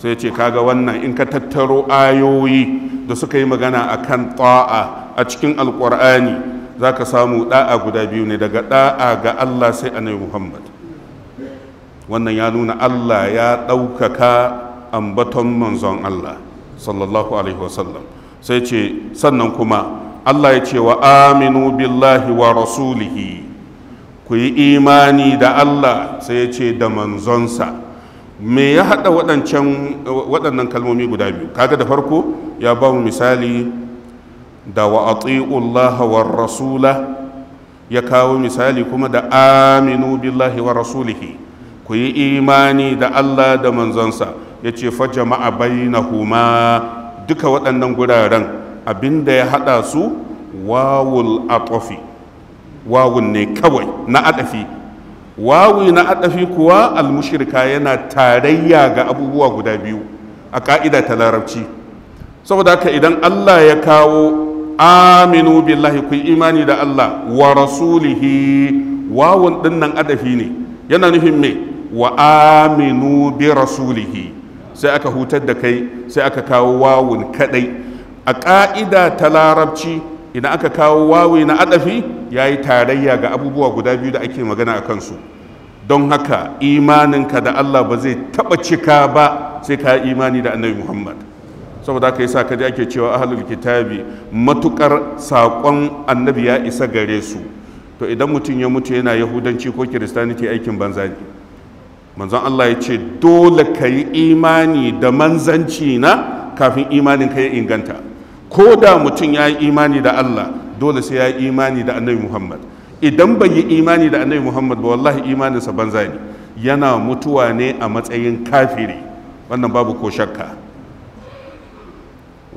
sai ce kaga wannan in ka tattaro ayoyi da suka yi magana akan ta'a a cikin alqur'ani za ka samu da'a guda biyu ne daga da'a ga Allah sai annabi Muhammad wannan ya nuna Allah ya ɗaukaka ambaton manzon Allah sallallahu alaihi wasallam sai ce sannan kuma Allah ya ce wa aminu billahi wa rasulihi ku yi imani da Allah sai ya ce da manzonsa me ya haɗa waɗannan kalmomi guda biyu kaga da farko ya ba mu misali da wa ati'ullaha wa rasula ya kawo misali kuma da aminu billahi wa rasulihi ku yi imani da Allah da manzonsa ya ce fa jama'a bainahuma duka waɗannan guraren abinda ya haɗa su wawul atofi wawun ne kawai na adafi wawi na adafi kuwa almushirka yana tarayya ga abubuwa guda biyu a ka'ida ta larabci saboda haka idan Allah ya kawo aminu billahi ku imani da Allah wa rasulihi wawun dinnan adafi ne yana nufin me wa aminu bi rasulihi sai aka hutar da kai sai aka kawo wawun kadai a ƙa'ida ta larabci idan aka kawo wawi na adafi ya yi tarayya ga abubuwa guda biyu da ake magana a kansu don haka imaninka da allah ba zai taɓa cika ba sai ka imani da annabi muhammad saboda yi sa kaji ake cewa ahalul kitabi matukar sakon annabi ya isa gare su to idan mutum ya mutu yana yahudanci ko kiristaniti aikin banza ne manzon Allah ya ce dole ka yi imani da manzanci na kafin imanin ka ya inganta ko da mutum ya yi imani da Allah dole sai ya yi imani da annabi Muhammad idan bai yi imani da annabi Muhammad ba wallahi imaninsa banza ne yana mutuwa ne a matsayin kafiri wannan babu ko shakka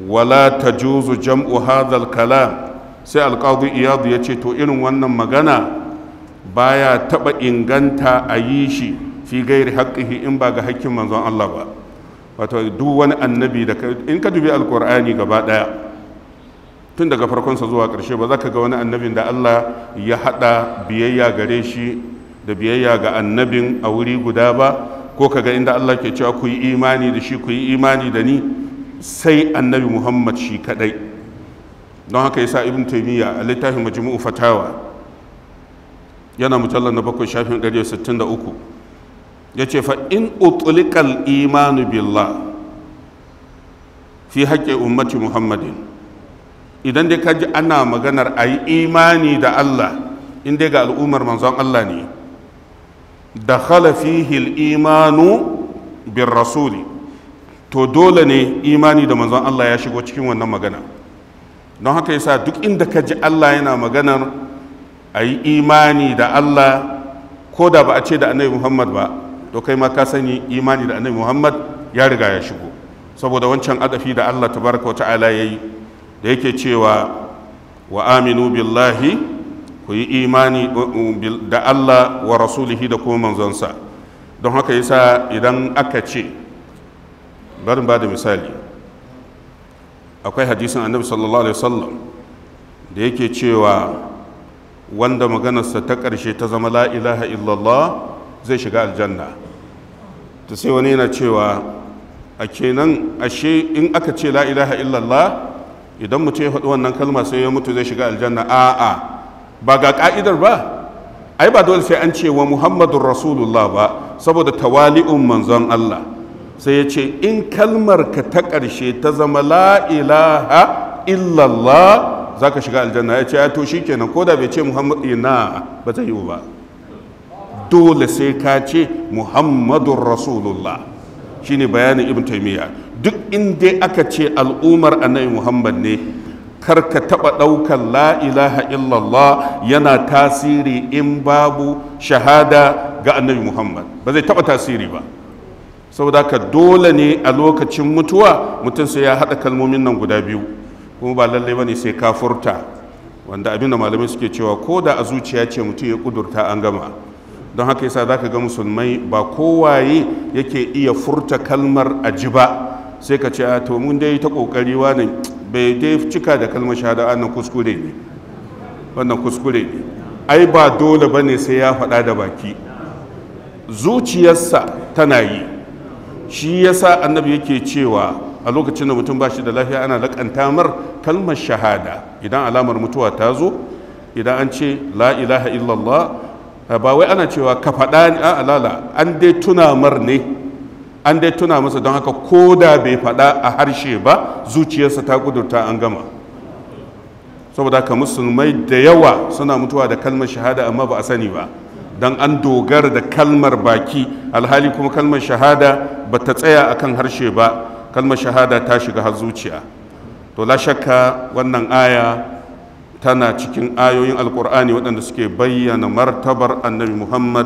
wala ta juzu jam'u hadhal kalam sai alƙadu iyadu ya ce to irin wannan magana baya taɓa inganta a yi shi fi gairi haƙƙihi in ba ga haƙƙin manzon Allah ba wato duk wani annabi da in ka dubi alƙur'ani gaba ɗaya tun daga farkonsa zuwa ƙarshe ba za ka ga wani annabin da Allah ya haɗa biyayya gare shi da biyayya ga annabin a wuri guda ba ko ka ga inda Allah ke cewa ku yi imani da shi ku yi imani da ni sai annabi muhammad shi kadai don haka yasa ibn taimiyya a littafin majmu'u fatawa yana mujallar na bakwai shafin 163 ya fa in utlikal imanu billah fi haƙƙin ummati muhammadin idan dai kaji ana maganar a yi imani da allah in dai ga al'ummar manzon allah ne da khala fihi imanu bin rasuli to dole ne imani da manzon Allah ya shigo cikin wannan magana don haka yasa duk inda ka ji Allah yana maganar a yi imani da Allah ko da ba a ce da annabi Muhammad ba to kai ma ka sani imani da annabi Muhammad ya riga ya shigo saboda wancan adafi da Allah tabaraka wa ta'ala yayi da yake cewa wa aminu billahi ku yi imani uh, uh, da Allah wa rasulihi da kuma manzonsa don haka yasa idan aka ce barin ba da misali akwai hadisin annabi sallallahu alaihi wasallam da yake cewa wanda maganarsa ta ƙarshe ta zama la ilaha illallah zai shiga aljanna ta sai wani yana cewa a kenan ashe in aka ce la ilaha illallah idan mutum ya faɗi wannan kalma sai ya mutu zai shiga aljanna a'a ba ga ka'idar ba ai ba dole sai an ce wa muhammadun rasulullah ba saboda tawali'un manzon allah sai ya ce in kalmar ka ta ƙarshe ta zama la illallah za ka shiga aljanna ya ce ya to shikenan ko da bai ce muhammadu ina ba zai yi ba dole sai ka ce muhammadun rasulullah shine bayanin ibn taimiyya duk inda aka ce al'umar annabi muhammad ne kar ka taɓa ɗaukar la ilaha illallah yana tasiri in babu shahada ga annabi muhammad ba zai taɓa tasiri ba saboda ka dole ne a lokacin mutuwa mutum sai ya haɗa kalmomin nan guda biyu kuma ba lallai ba ne sai ka furta wanda abinda malamai suke cewa ko da a zuciya ce mutum ya kudurta an gama don haka yasa za ka ga musulmai ba kowaye yake iya furta kalmar aji ba sai ka ce a to mun dai ta kokari wani bai dai cika da kalmar shahada wannan kuskure ne wannan kuskure ne ai ba dole bane sai ya faɗa da baki zuciyarsa tana yi shi yasa annabi yake cewa a lokacin da mutum ba shi da lafiya ana lakanta mar kalmar shahada idan alamar mutuwa ta zo idan an ce la ilaha illallah eh, ba wai ana cewa ka faɗa alala an dai tuna mar ne an dai tuna masa don haka ko da bai faɗa a harshe ba zuciyarsa ta kudurta an gama saboda haka musulmai da yawa suna mutuwa da kalmar shahada amma ba a sani ba don an dogara da kalmar baki alhali kuma kalmar shahada ba ta tsaya a kan harshe ba kalmar shahada ta shiga har zuciya to la shakka wannan aya tana cikin ayoyin alkur'ani waɗanda suke bayyana martabar annabi muhammad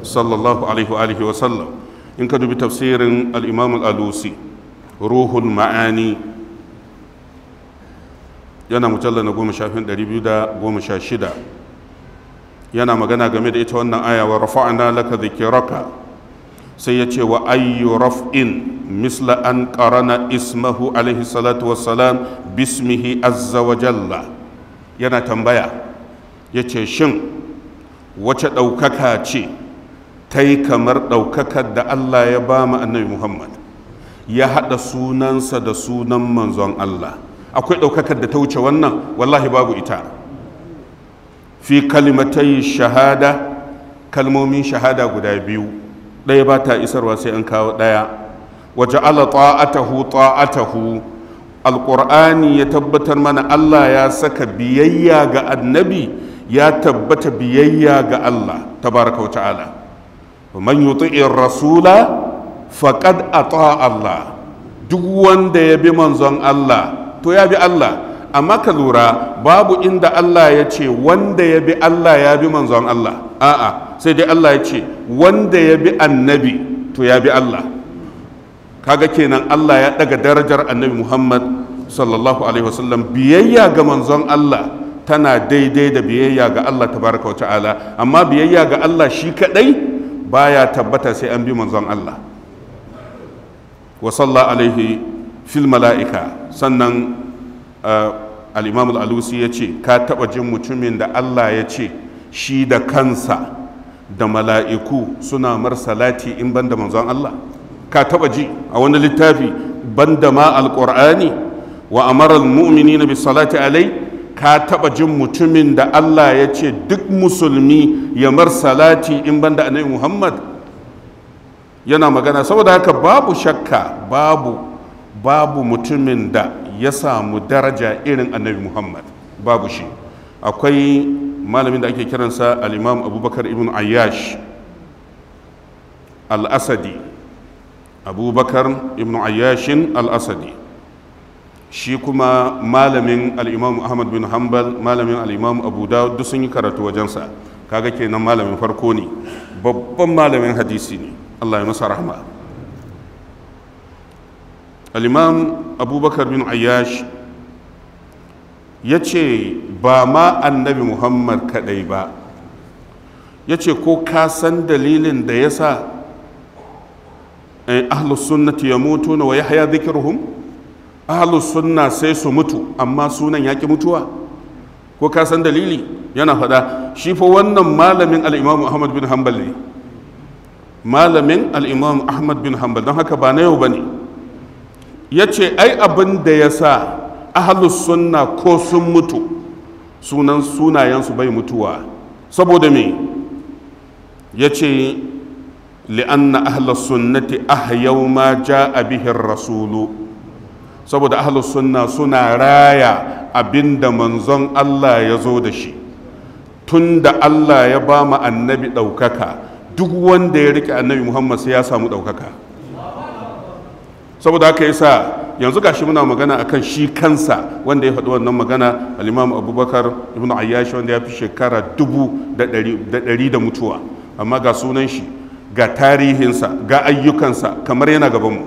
sallallahu alaihi wa sallam in ka dubi tafsirin al'imam al'alusi ruhul ma'ani yana mujalla na goma sha shida. yana magana game da ita wannan aya wa rafa'na laka dhikraka sai ya ce wa ayyu raf'in misla an qarana ismahu alaihi salatu wassalam bismihi azza wa jalla yana tambaya ya ce shin wace ɗaukaka ce ta yi kamar ɗaukakar da Allah ya ba mu annabi Muhammad ya haɗa sunansa da sunan manzon Allah akwai ɗaukakar da ta wuce wannan wallahi babu ita fi kalimatai shahada kalmomin shahada guda biyu ɗaya ba ta isarwa sai an kawo ɗaya waje ala ta'atahu ta'atahu alƙur'ani ya tabbatar mana allah ya saka biyayya ga annabi ya tabbata biyayya ga allah tabaraka wa ta'ala man yuti'ir rasula faqad ata allah duk wanda ya bi manzon allah to ya bi allah amma ka lura babu inda Allah ya ce wanda ya bi Allah ya bi manzon Allah a'a sai dai Allah ya ce wanda ya bi annabi to ya bi Allah kaga kenan Allah ya daga darajar annabi Muhammad sallallahu alaihi wasallam biyayya ga manzon Allah tana daidai da biyayya ga Allah tabaraka wa ta'ala amma biyayya ga Allah shi kadai baya tabbata sai an bi manzon Allah wa sallallahu alaihi fil mala'ika sannan Eh, alimamul alusi ya ce ka taba jin mutumin da allah ya ce shi da kansa da mala'iku suna mar salati in banda manzon allah ka taba ji a wani littafi ban da ma al wa amara mumini na bi alai ka taba jin mutumin da Allah ya ce duk musulmi ya mar salati in banda annabi Muhammad yana magana saboda haka babu shakka babu babu mutumin da ya samu daraja irin annabi muhammad babu shi akwai malamin da ake kiransa al'imam abubakar ibn ayyash al-asadi abubakar ibn ayyashin al-asadi shi kuma malamin al'imam ahmad bin hanbal malamin al'imam abu dawud duk sun yi karatu wajensa kaga kenan malamin farko ne babban malamin hadisi ne allah ya masa rahma al'imam abubakar bin ayyash ya ce ba ma annabi muhammad kadai ba ya ce ko ka san dalilin da ya sa eh, ahlus sunnati ya mutu na wa ya haya zikirhum ahlus sunna sai su mutu amma sunan yaƙi mutuwa ko ka san dalili yana faɗa shi fa wannan malamin al'imamu muhammad bin hanbal ne malamin al'imamu ahmad bin hanbal don haka ba na yau ba ne ya ce ai abin da ya sa ahalus sunna ko sun mutu sunan sunayensu bai mutuwa saboda me ya ce li'anna ahalus sunnati ahyau ma a bihin rasulu saboda ahalus sunna suna raya abin da manzon Allah ya zo da shi tun da Allah ya ba mu annabi ɗaukaka duk wanda ya rike annabi Muhammad sai ya samu ɗaukaka saboda haka yasa yanzu gashi muna magana akan shi kansa wanda ya faɗi wannan magana al'imam abubakar ibn ayyashi wanda ya fi shekara dubu da ɗari da mutuwa amma ga sunan shi ga tarihinsa ga ayyukansa kamar yana gabanmu mu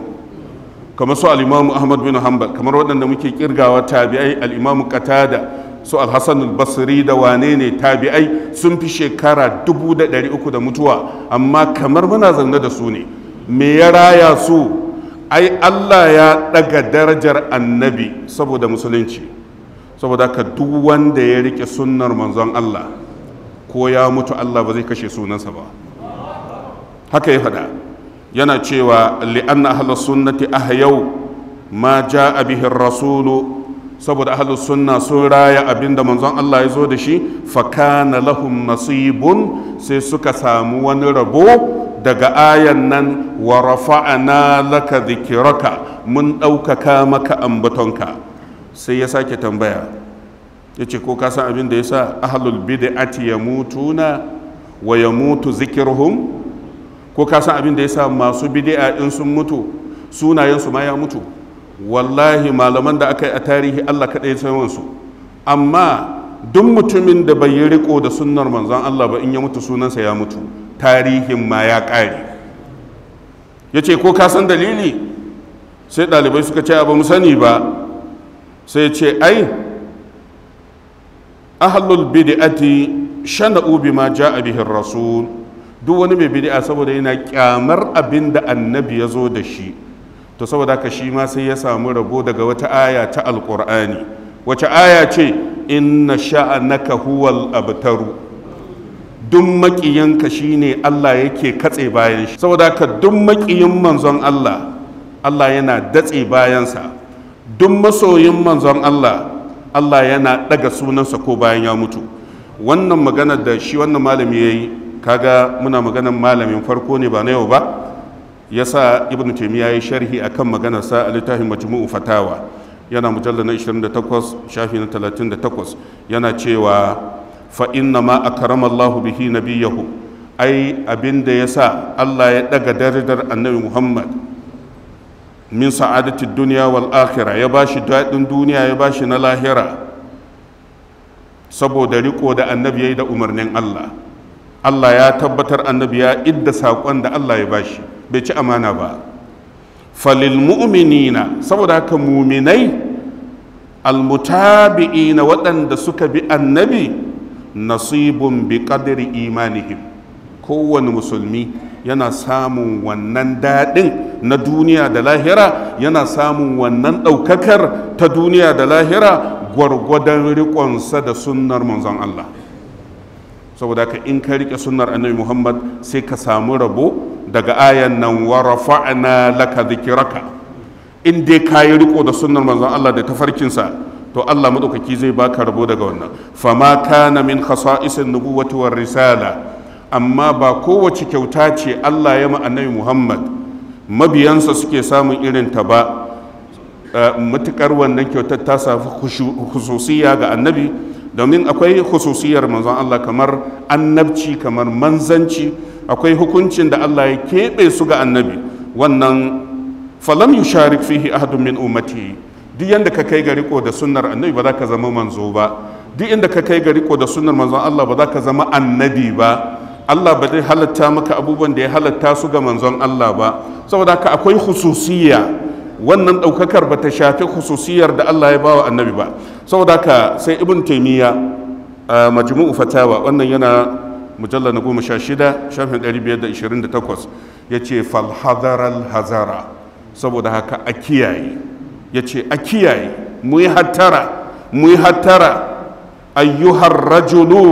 kamar su al ahmad bin hanbal kamar waɗanda muke kirgawa tabi'ai al katada qatada su al basri da wane ne tabi'ai sun fi shekara dubu da ɗari uku da mutuwa amma kamar muna zaune da su ne me ya raya su ai Allah ya ɗaga darajar annabi saboda musulunci saboda ka duk wanda ya rike sunnar manzon Allah ko ya mutu Allah ba zai kashe sunansa ba haka ya faɗa yana cewa li'anna ahlus sunnati ahyau ma jaa bihi rasulu saboda ahlus sunna sun raya abinda manzon Allah ya zo da shi fakana lahum nasibun sai suka samu wani rabo daga ayan nan wa rafa'ana laka dhikiraka mun ɗaukaka maka ambatonka sai ya sake tambaya ya ce ko ka san abin da ya sa ahlul bid'ati yamutuna wa yamutu zikiruhum ko ka san abin da ya sa masu bid'a in sun mutu sunayensu ma ya mutu wallahi malaman da aka yi a tarihi Allah kaɗai ya su amma duk mutumin da bai yi riko da sunnar manzon Allah ba in ya mutu sunansa ya mutu tarihin ma ya ƙare ya ce ko ka san dalili sai ɗalibai suka ce abu sani ba sai ce ai ahalul bid'ati shana'u bima ja'a bihin rasul duk wani mai bid'a saboda yana kyamar abin da annabi ya zo da shi to saboda ka shi ma sai ya samu rabo daga wata aya ta alƙur'ani wace aya ce inna sha'anaka huwal abtaru duk maƙiyanka ne Allah yake katse bayan shi saboda ka duk maƙiyin manzon Allah Allah yana datse bayansa duk masoyin manzon Allah Allah yana ɗaga sunansa ko bayan ya mutu wannan maganar da shi wannan malami ya yi kaga muna maganar malamin farko ne ba na yau ba ya sa ibn taimiyya ya yi sharhi a kan maganarsa a littafin majmu'u fatawa yana mujallar na 28 shafi na 38 yana cewa fa'inna inna ma akrama Allahu bihi biyahu ai abinda sa Allah ya daga darajar annabi Muhammad min sa'adati duniya wal akhira ya bashi daɗin duniya ya bashi na lahira saboda riko da annabi yayi da umarnin Allah Allah ya tabbatar annabi ya idda saƙon da Allah ya bashi bai ci amana ba falil mu'minina saboda haka muminai almutabi'ina waɗanda suka bi annabi nasibun bi qadri imanihim kowane musulmi yana samun wannan daɗin na duniya da lahira yana samun wannan ɗaukakar ta duniya da lahira gwargwadon riƙonsa da sunnar manzon Allah saboda ka in ka riƙe sunnar annabi Muhammad sai ka samu rabo daga ayan nan wa rafa'na laka dhikraka in dai ka yi riƙo da sunnar manzon Allah da tafarkinsa to Allah madaukaki zai baka rabo daga wannan fama kana min khasa'isin nubuwati war risala amma ba kowace kyauta ce Allah ya ma annabi Muhammad mabiyansa suke samun irin ta ba eh, matukar wannan kyautar ta safi khususiya ga annabi domin akwai khususiyar manzon Allah kamar annabci kamar manzanci akwai hukuncin da Allah ya keɓe su ga annabi wannan falam yusharik fihi ahadun min ummati duk yanda ka kai ga riko da sunnar annabi ba za ka zama manzo ba duk inda ka kai ga riko da sunnar manzon Allah ba za ka zama annabi ba Allah ba zai halatta maka abubuwan da ya halatta su ga manzon Allah ba saboda haka akwai hususiya wannan ɗaukakar ba ta shafi hususiyar da Allah ya bawa annabi ba saboda haka sai ibn taimiyya a majmu'u fatawa wannan yana mujallar na goma sha shida shafin ɗari biyar da ishirin da takwas ya ce falhazaral hazara saboda haka a kiyaye ya ce a kiyaye mu yi hattara mu yi hattara ayyuhar rajulu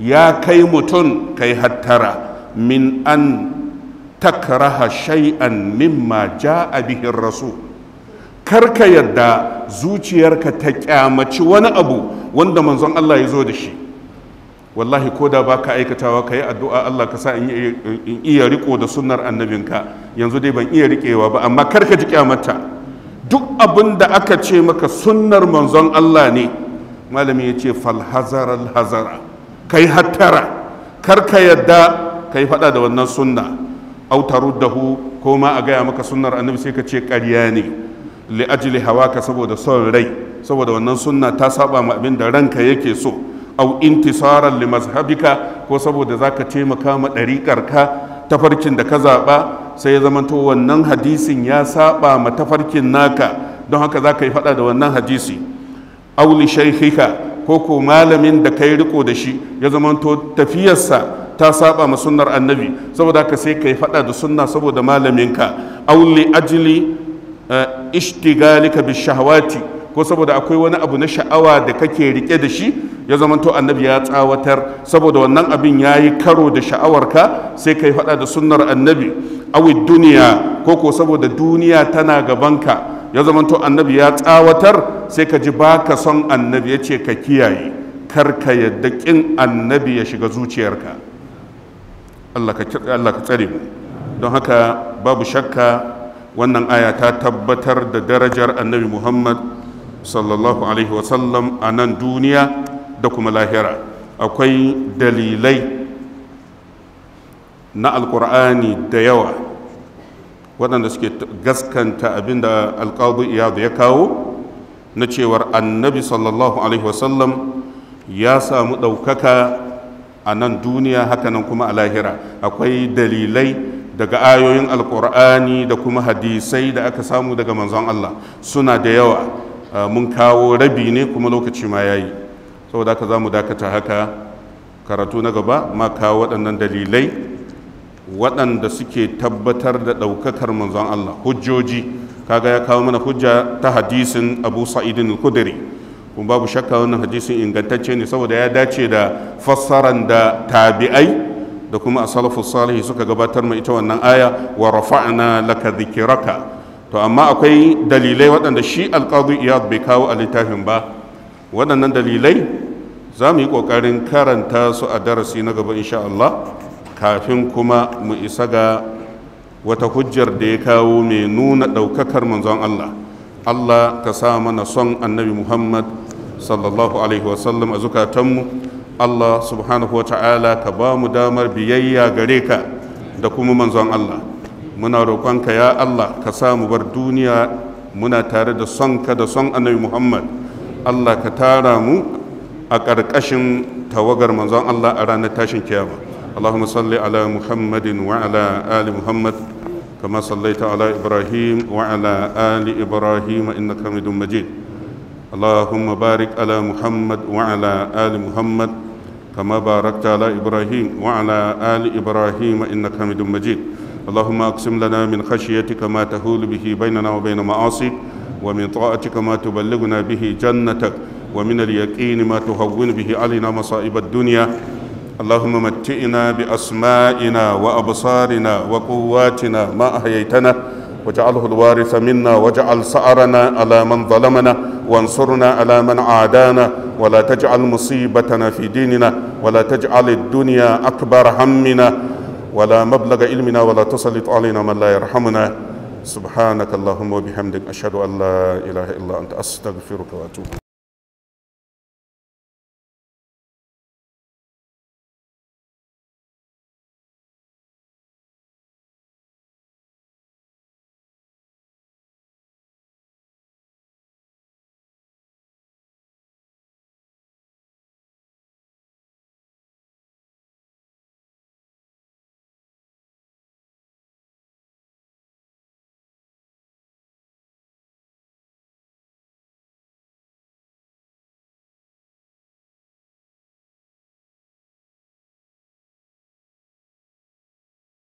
ya kai mutum kai hattara min an takraha shay'an mimma ja'a bihin rasul karka yadda zuciyarka ta kyamaci wani abu wanda manzon Allah ya zo da shi wallahi ko da baka aikatawa ka yi addu'a Allah ka sa in iya riko da sunnar annabinka yanzu dai ban iya riƙewa ba amma karka ji kyamata duk abin da aka ce maka sunnar manzon Allah ne malami ya ce falhazar alhazara kai hattara kar ka yadda kai faɗa da wannan sunna autaru hu ko ma a gaya maka sunnar annabi sai ka ce ƙarya ne li hawa ka saboda son rai saboda wannan sunna ta saba ma abin da ranka yake so au intisaran li mazhabika ko saboda zaka taimaka ma ɗariƙarka tafarkin da ka zaɓa sai ya zamanto wannan hadisin ya saɓa ma tafarkin naka don haka za ka yi faɗa da wannan hadisi auli shaikhika ko ko malamin da ka yi riko da shi ya zamanto tafiyarsa ta saɓa ma sunnar annabi saboda ka sai ka yi faɗa da sunna saboda malaminka auli ajili eh, ishtigalika bi shahwati ko saboda akwai wani abu na sha'awa da kake rike da shi ya zamanto annabi ya tsawatar saboda wannan abin ya yi karo da sha'awarka sai ka yi faɗa da sunnar annabi awi duniya ko ko saboda duniya tana gabanka ya zamanto annabi ya tsawatar sai ka ji baka son annabi ya ce ka kiyaye kar ka yadda ƙin annabi ya shiga zuciyarka allah ka tsare mu don haka babu shakka wannan aya ta tabbatar da darajar annabi muhammad sallallahu alaihi wasallam a nan duniya da kuma lahira akwai dalilai na alkur'ani da yawa waɗanda suke gaskanta abin da alƙadu iyadu ya kawo na cewar annabi sallallahu alaihi wasallam ya samu ɗaukaka a nan duniya hakanan kuma a lahira akwai dalilai daga ayoyin alkur'ani da kuma hadisai da aka samu daga manzon allah suna da yawa mun kawo rabi ne kuma lokaci ma ya yi saboda haka za mu dakata haka karatu na gaba ma kawo waɗannan dalilai waɗanda suke tabbatar da ɗaukakar manzon Allah hujjoji kaga ya kawo mana hujja ta hadisin Abu Sa'idin Khudri kun babu shakka wannan hadisin ingantacce ne saboda ya dace da fassaran da tabi'ai da kuma asalafu salihi suka gabatar mai ita wannan aya wa rafa'na laka dhikiraka to amma akwai dalilai waɗanda shi alqadi iyad bai kawo a littafin ba waɗannan dalilai za mu yi ƙoƙarin karanta su a darasi na gaba insha Allah kafin kuma mu isa ga wata hujjar da ya kawo mai nuna ɗaukakar manzon Allah Allah ka sa mana son annabi Muhammad sallallahu alaihi wasallam a zukatanmu Allah subhanahu wa ta'ala ka ba mu damar biyayya gare ka da kuma manzon Allah muna roƙonka ya Allah ka sa mu bar duniya muna tare da son ka da son annabi Muhammad Allah ka tara mu a ƙarƙashin tawagar manzon Allah a ranar tashin kiyama Allahumma salli ala Muhammadin wa ali Muhammad kama sallaita ala Ibrahim wa ali Ibrahim innaka hamidun majid Allahumma barik ala Muhammad wa ali Muhammad kama barakta ala Ibrahim wa ali Ibrahim innaka hamidun majid Allahumma aqsim lana min khashyatika ma tahulu bihi bainana wa bayna ma'asik ومن طاعتك ما تبلغنا به جنتك ومن اليقين ما تهون به علينا مصائب الدنيا اللهم متئنا بأسمائنا وأبصارنا وقواتنا ما أحييتنا واجعله الوارث منا واجعل سعرنا على من ظلمنا وانصرنا على من عادانا ولا تجعل مصيبتنا في ديننا ولا تجعل الدنيا أكبر همنا ولا مبلغ علمنا ولا تسلط علينا من لا يرحمنا subhanakallahumma wa bihamdik ashhadu an la ilaha illa anta astaghfiruka wa atubu